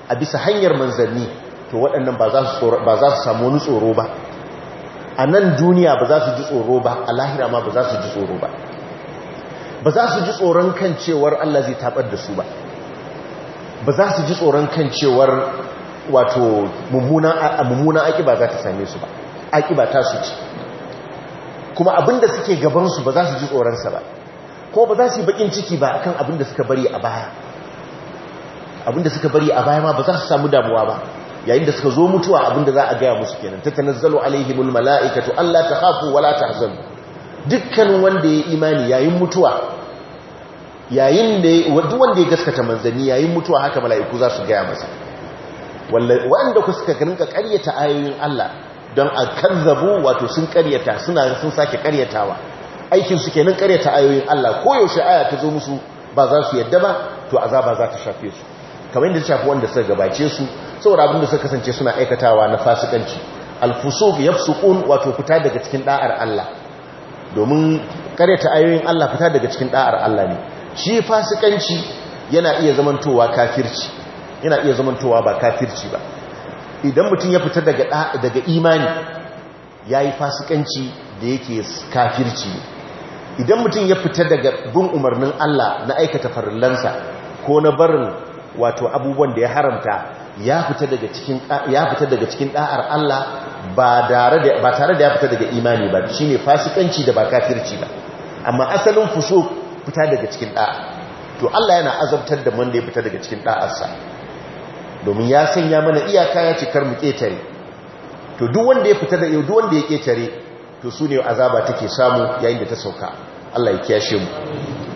a bisa hanyar manzanni to waɗannan ba za su samu wani tsoro ba a nan duniya ba za su ji tsoro ba a lahira ma ba za su ji tsoro ba ba za su ji tsoron kan cewar Allah zai tabar da su ba ba za su ji tsoron kan cewar wato mummunan akiba za ta same su ba akiba ta su ci kuma abinda suke gabansu ba za su ji tsoronsa ba ko ba za su yi bakin ciki ba akan abinda suka bari a baya abinda suka bari a baya ma ba za su samu damuwa ba yayin da suka zo mutuwa abin da za a gaya musu kenan ta tanazzalu alaihimul mala'ikatu alla takhafu wala tahzan dukkanin wanda ya imani yayin mutuwa yayin da duk wanda ya gaskata manzanni yayin mutuwa haka mala'iku za su gaya masa wanda ku suka rinka ƙaryata ayoyin Allah don a kazzabu wato sun ƙaryata suna sun sake ƙaryatawa aikin su kenan ƙaryata ayoyin Allah ko yaushe aya ta zo musu ba za su yadda ba to azaba za ta shafe su kamar yadda ta shafi wanda suka gabace su saboda abin da suka kasance suna aikatawa na fasikanci alfusuf yafsukun wato fita daga cikin da'ar Allah domin karyata ayoyin Allah fita daga cikin da'ar Allah ne shi fasikanci yana iya zamantowa kafirci yana iya zamantowa ba kafirci ba idan mutum ya fita daga daga imani yayi fasikanci da yake kafirci idan mutum ya fita daga bin umarnin Allah na aikata farillansa ko na barin wato abubuwan da ya haramta ya fita daga cikin ɗa'ar Allah ba tare da ya fita daga imani ba shi ne fasikanci da ba kafirci ba amma asalin fuso fita daga cikin ɗa'a to Allah yana azabtar da wanda ya fita daga cikin ɗa'arsa domin ya sanya mana iyaka ya cikar mu ƙetare to duk wanda ya fita da yau duk wanda ya ƙetare to su ne azaba take samu yayin da ta sauka Allah ya kiyashe mu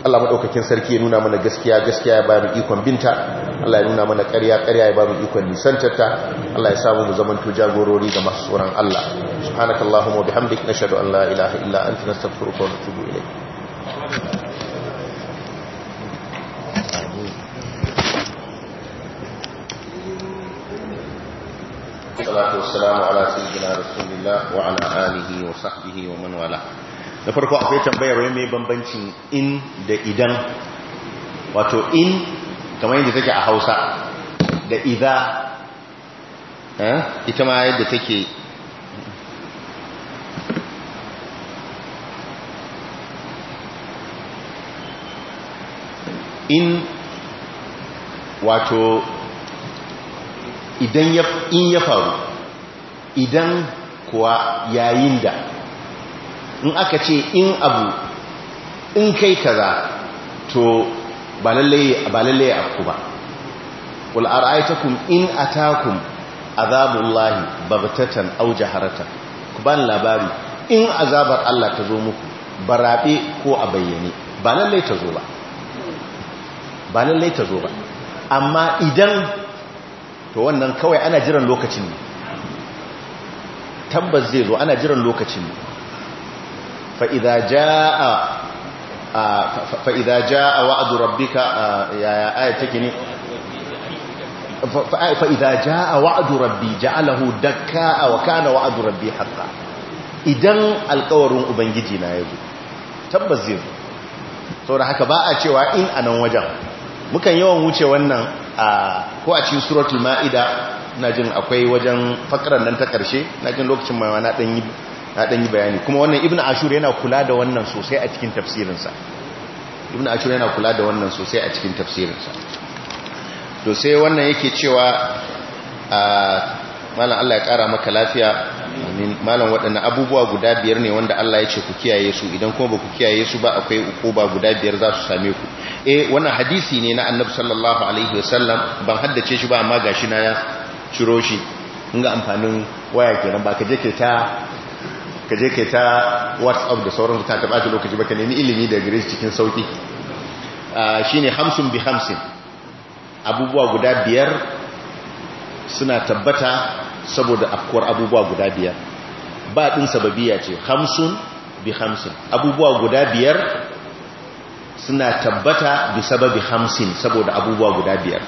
Allah maɗaukakin sarki ya nuna mana gaskiya gaskiya ya bayar ikon binta Allah ya nuna mana ƙarya ƙarya ya ba mu ikon nisantarta Allah ya samu mu zamanto jagorori ga masu tsoron Allah subhanakallahumma wa bihamdika nashhadu an la ilaha illa anta nastaghfiruka wa natubu ilayk salatu wassalamu ala sayyidina rasulillah wa ala alihi wa sahbihi wa man wala da farko akwai tambayar wai mai bambancin in da idan wato in kamar yadda take a hausa da iza eh, ita ma yadda take in wato idan in ya faru idan kuwa yayin da in aka ce in abu in kai kaza to ba lallai ya afku ba qul ara'aytakum in atakum azabullahi babtatan aw harata. ku ban labari in azabar Allah ta zo muku barabe ko a bayyane ba lallai ta zo ba ba lallai ta zo ba amma idan to wannan kawai ana jiran lokacin ne tabbas zai zo ana jiran lokacin ne faiza jaa fa idza jaa wa'du rabbika ya aya take ne fa idza jaa wa'du rabbi ja'alahu dakka wa kana wa'du rabbi haqqan idan alƙawarin ubangiji na yazo tabbas zai zo saboda haka ba a cewa in anan nan wajen mukan yawan wuce wannan a ko a cikin suratul ma'ida na jin akwai wajen fakaran nan ta karshe na jin lokacin mai wana dan ya ɗan yi bayani kuma wannan ibn ashur yana kula da wannan sosai a cikin tafsirinsa ibn ashur yana kula da wannan sosai a cikin tafsirinsa to sai wannan yake cewa a malam Allah ya ƙara maka lafiya malam waɗannan abubuwa guda biyar ne wanda Allah ya ce ku kiyaye su idan kuma ba ku kiyaye su ba akwai ba guda biyar za su same ku eh wannan hadisi ne na annabi sallallahu alaihi wasallam ban haddace shi ba amma gashi na ya ciro shi ga amfanin waya kenan ba ka je ke ta ka je kai ta whatsapp da sauransu ta taɓa ta lokaci ba ka nemi ilimi da gare cikin sauki. shi ne hamsin bi hamsin abubuwa guda biyar suna tabbata saboda afkuwar abubuwa guda biyar ba ɗin sababiya ce hamsin bi hamsin abubuwa guda biyar suna tabbata bi sababi hamsin saboda abubuwa guda biyar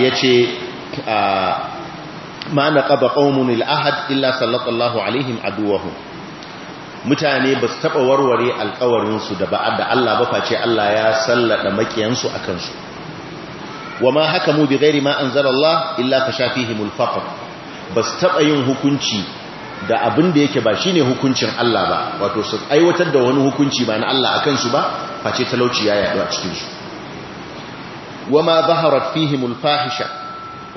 ya ce ma naqaba qaumun al-ahad illa sallallahu alaihim aduwahum mutane ba su taɓa warware alkawarinsu da ba'a da Allah ba face Allah ya sallada makiyansu a kansu wa ma hakamu bi ghairi ma Allah illa kashafihimul faqr ba su taba yin hukunci da abin da yake ba shine hukuncin Allah ba wato su aiwatar da wani hukunci ba na Allah a kansu ba face talauci ya yaɗu a cikin su wa ma zaharat fihimul fahisha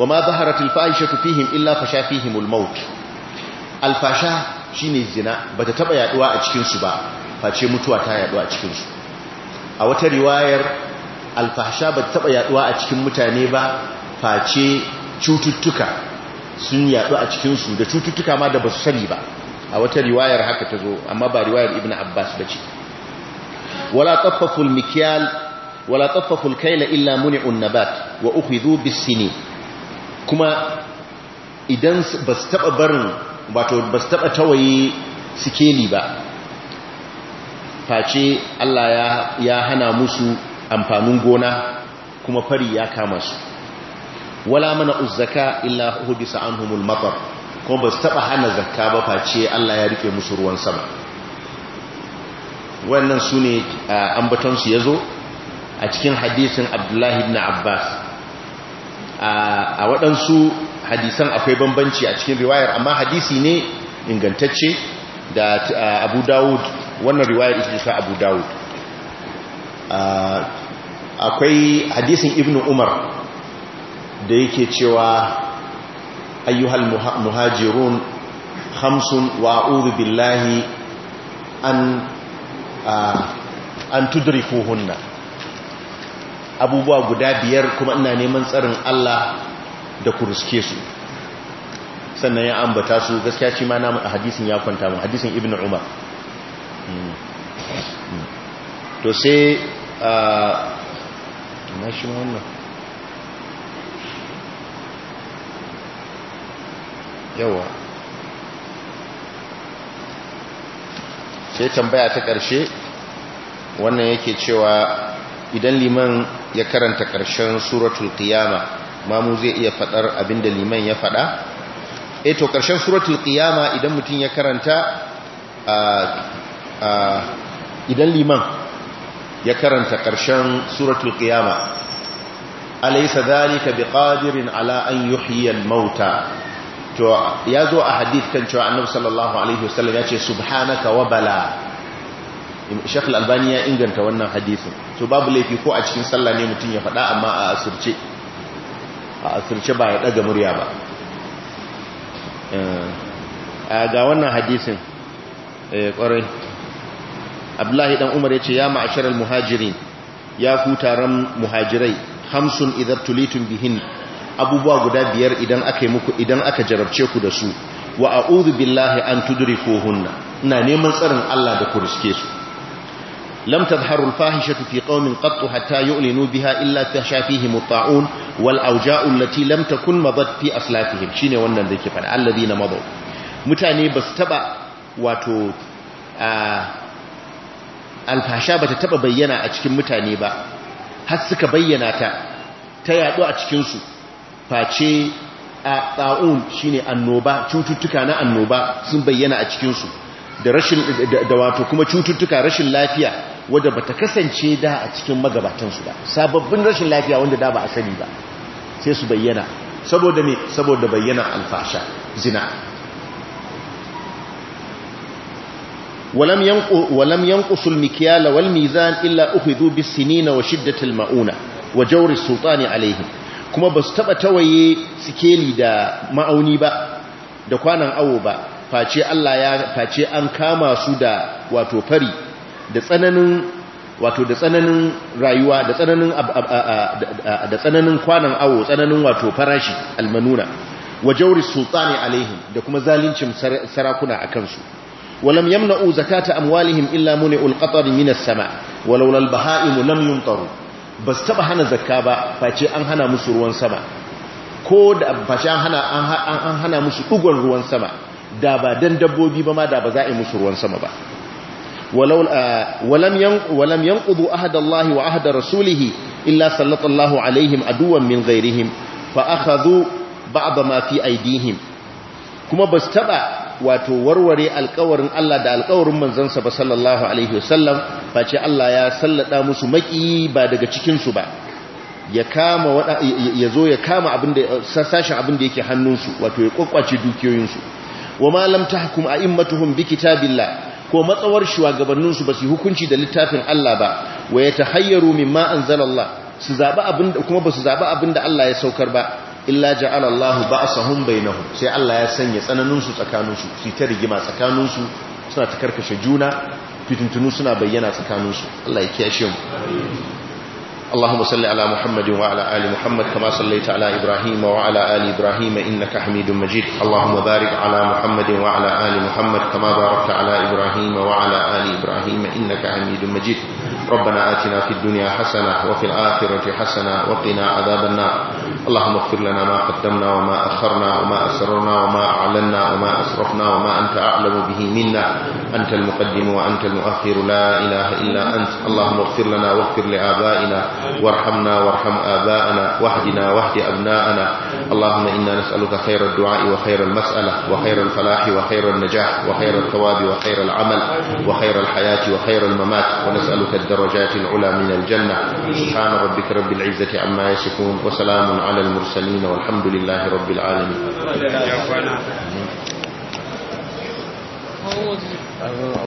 wa ma zaharatil fahishatu fihim illa fasha fihimul maut alfasha shine zina bata taba yaduwa a cikin ba face mutuwa ta yaduwa a cikin a wata riwayar alfasha bata taba yaduwa a cikin mutane ba face cututtuka sun yaɗu a cikinsu da cututtuka ma da basu sani ba a wata riwayar haka ta zo amma ba riwayar Ibn abbas ce. wala taffaful mikyal wala taffaful Kaila illa muni'un nabat wa ukhidhu bis-sinin kuma idan ba su taɓa barin wato ba su taɓa tawaye sikeli ba face Allah ya hana musu amfanin gona kuma fari ya kama su wala mana uzzaka illa hudisa anhumul matar kuma ba su taɓa hana zakka ba face Allah ya rike musu ruwan sama wannan su ne ambatonsu ya zo a cikin hadisin abdullahi ibn abbas a waɗansu hadisan akwai bambanci a cikin riwayar amma hadisi ne ingantacce da abu dawud wannan riwayar isi ta abu dawud akwai hadisin ibn umar da yake cewa ayyuhal muhajirun hamsun wa uru billahi an tudurifu tudrikuhunna abubuwa guda biyar kuma ina neman tsarin Allah da ku riske su sannan ya ambata su gaskiya shi ma namu a hadisin ya kwanta mu hadisin ibnu umar hmm. Hmm. to sai na shi wannan yawa sai tambaya ta ƙarshe wannan yake cewa idan liman ya karanta ƙarshen suratul qiyama mamu zai iya faɗar abinda liman ya faɗa E, to ƙarshen suratul qiyama idan mutum ya karanta idan liman ya karanta ƙarshen suratul qiyama alaysa dhalika biqadirin ala an yuhyiya al-mauta to zo a hadith kan cewa annabi sallallahu alaihi wasallam ya ce subhanaka wa bala Sheikh Al-Albani ya inganta wannan hadisin to babu laifi ko a cikin sallah ne mutum ya faɗa amma a asirce a asirce ba ya daga murya ba eh, ga wannan hadisin kwarai eh, Abdullahi dan Umar yace ya ma'asharal muhajirin ya ku taron muhajirai hamsun idza tulitum bihin abubuwa guda biyar idan aka muku idan aka jarabce ku da su wa a'udhu billahi an tudrikuhunna ina neman tsarin Allah da ku riske su لم تظهر الفاحشة في قوم قط حتى يؤلنوا بها إلا تخشى فيهم الطاعون والأوجاء التي لم تكن مضت في أسلافهم شيني ونن ذكي فعلا الذين مضوا متاني بستبع واتو alfasha bata taba bayyana a cikin mutane ba har suka bayyana ta ta yadu a cikinsu. face a shine annoba cututtuka na annoba sun bayyana a da rashin da wato kuma cututtuka rashin lafiya wadda ba ta kasance da a cikin magabatansu ba sababbin rashin lafiya wanda da ba a sani ba sai su bayyana saboda ne saboda bayyanar alfasha zina walam yanqusu al wal mizan illa ukhidhu bis-sinina wa shiddati mauna wa jawri sultani alaihim kuma basu taba tawaye sikeli da ma'auni ba da kwanan awo ba face Allah ya face an kama su da wato fari da tsananin wato da tsananin rayuwa da tsananin da tsananin kwanan awo tsananin wato farashi almanuna wa jawri sultani alaihim da kuma zalincin sarakuna a kansu. walam yamna'u zakata amwalihim illa muni'ul qatar min as-sama walau lal baha'im lam yumtaru bas taba hana zakka ba face an hana musu ruwan sama ko da face an hana an hana musu dugon ruwan sama da ba dan dabbobi ba ma da ba za musu ruwan sama ba ولو ولم ولم ينقضوا عهد الله وعهد رسوله إلا سلط الله عليهم عدوا من غيرهم فأخذوا بعض ما في أيديهم كما بستبع wato warware alkawarin Allah da alkawarin manzansa ba sallallahu alaihi wasallam face Allah ya sallada musu maki ba daga cikinsu ba ya kama wada ya zo ya kama abin da sashin abin hannunsu wato ya kokwace dukiyoyinsu wa ma lam tahkum a'immatuhum bi kitabillah ko matsawar shugabanninsu ba su hukunci da littafin Allah ba wa ta tahayyaru mimma anzalallah su zaba kuma ba su zaba abinda Allah ya saukar ba illa ja'ala Allah ba'sahum bainahum sai Allah ya sanya tsananin su tsakanin su su ta rigima tsakanin su suna ta karkashe juna fitintunu suna bayyana tsakanin su Allah ya kiyashe mu اللهم صل على محمد وعلى آل محمد كما صليت على إبراهيم وعلى آل إبراهيم إنك حميد مجيد اللهم بارك على محمد وعلى آل محمد كما باركت على إبراهيم وعلى آل إبراهيم إنك حميد مجيد ربنا آتنا في الدنيا حسنة وفي الآخرة حسنة وقنا عذاب النار اللهم اغفر لنا ما قدمنا وما أخرنا وما أسررنا وما أعلنا وما أسرفنا وما أنت أعلم به منا أنت المقدم وأنت المؤخر لا إله إلا أنت اللهم اغفر لنا واغفر لآبائنا وارحمنا وارحم آباءنا واهدنا واهد أبناءنا اللهم إنا نسألك خير الدعاء وخير المسألة وخير الفلاح وخير النجاح وخير الثواب وخير العمل وخير الحياة وخير الممات ونسألك الدرجات العلى من الجنة سبحان ربك رب العزة عما يصفون وسلام على المرسلين والحمد لله رب العالمين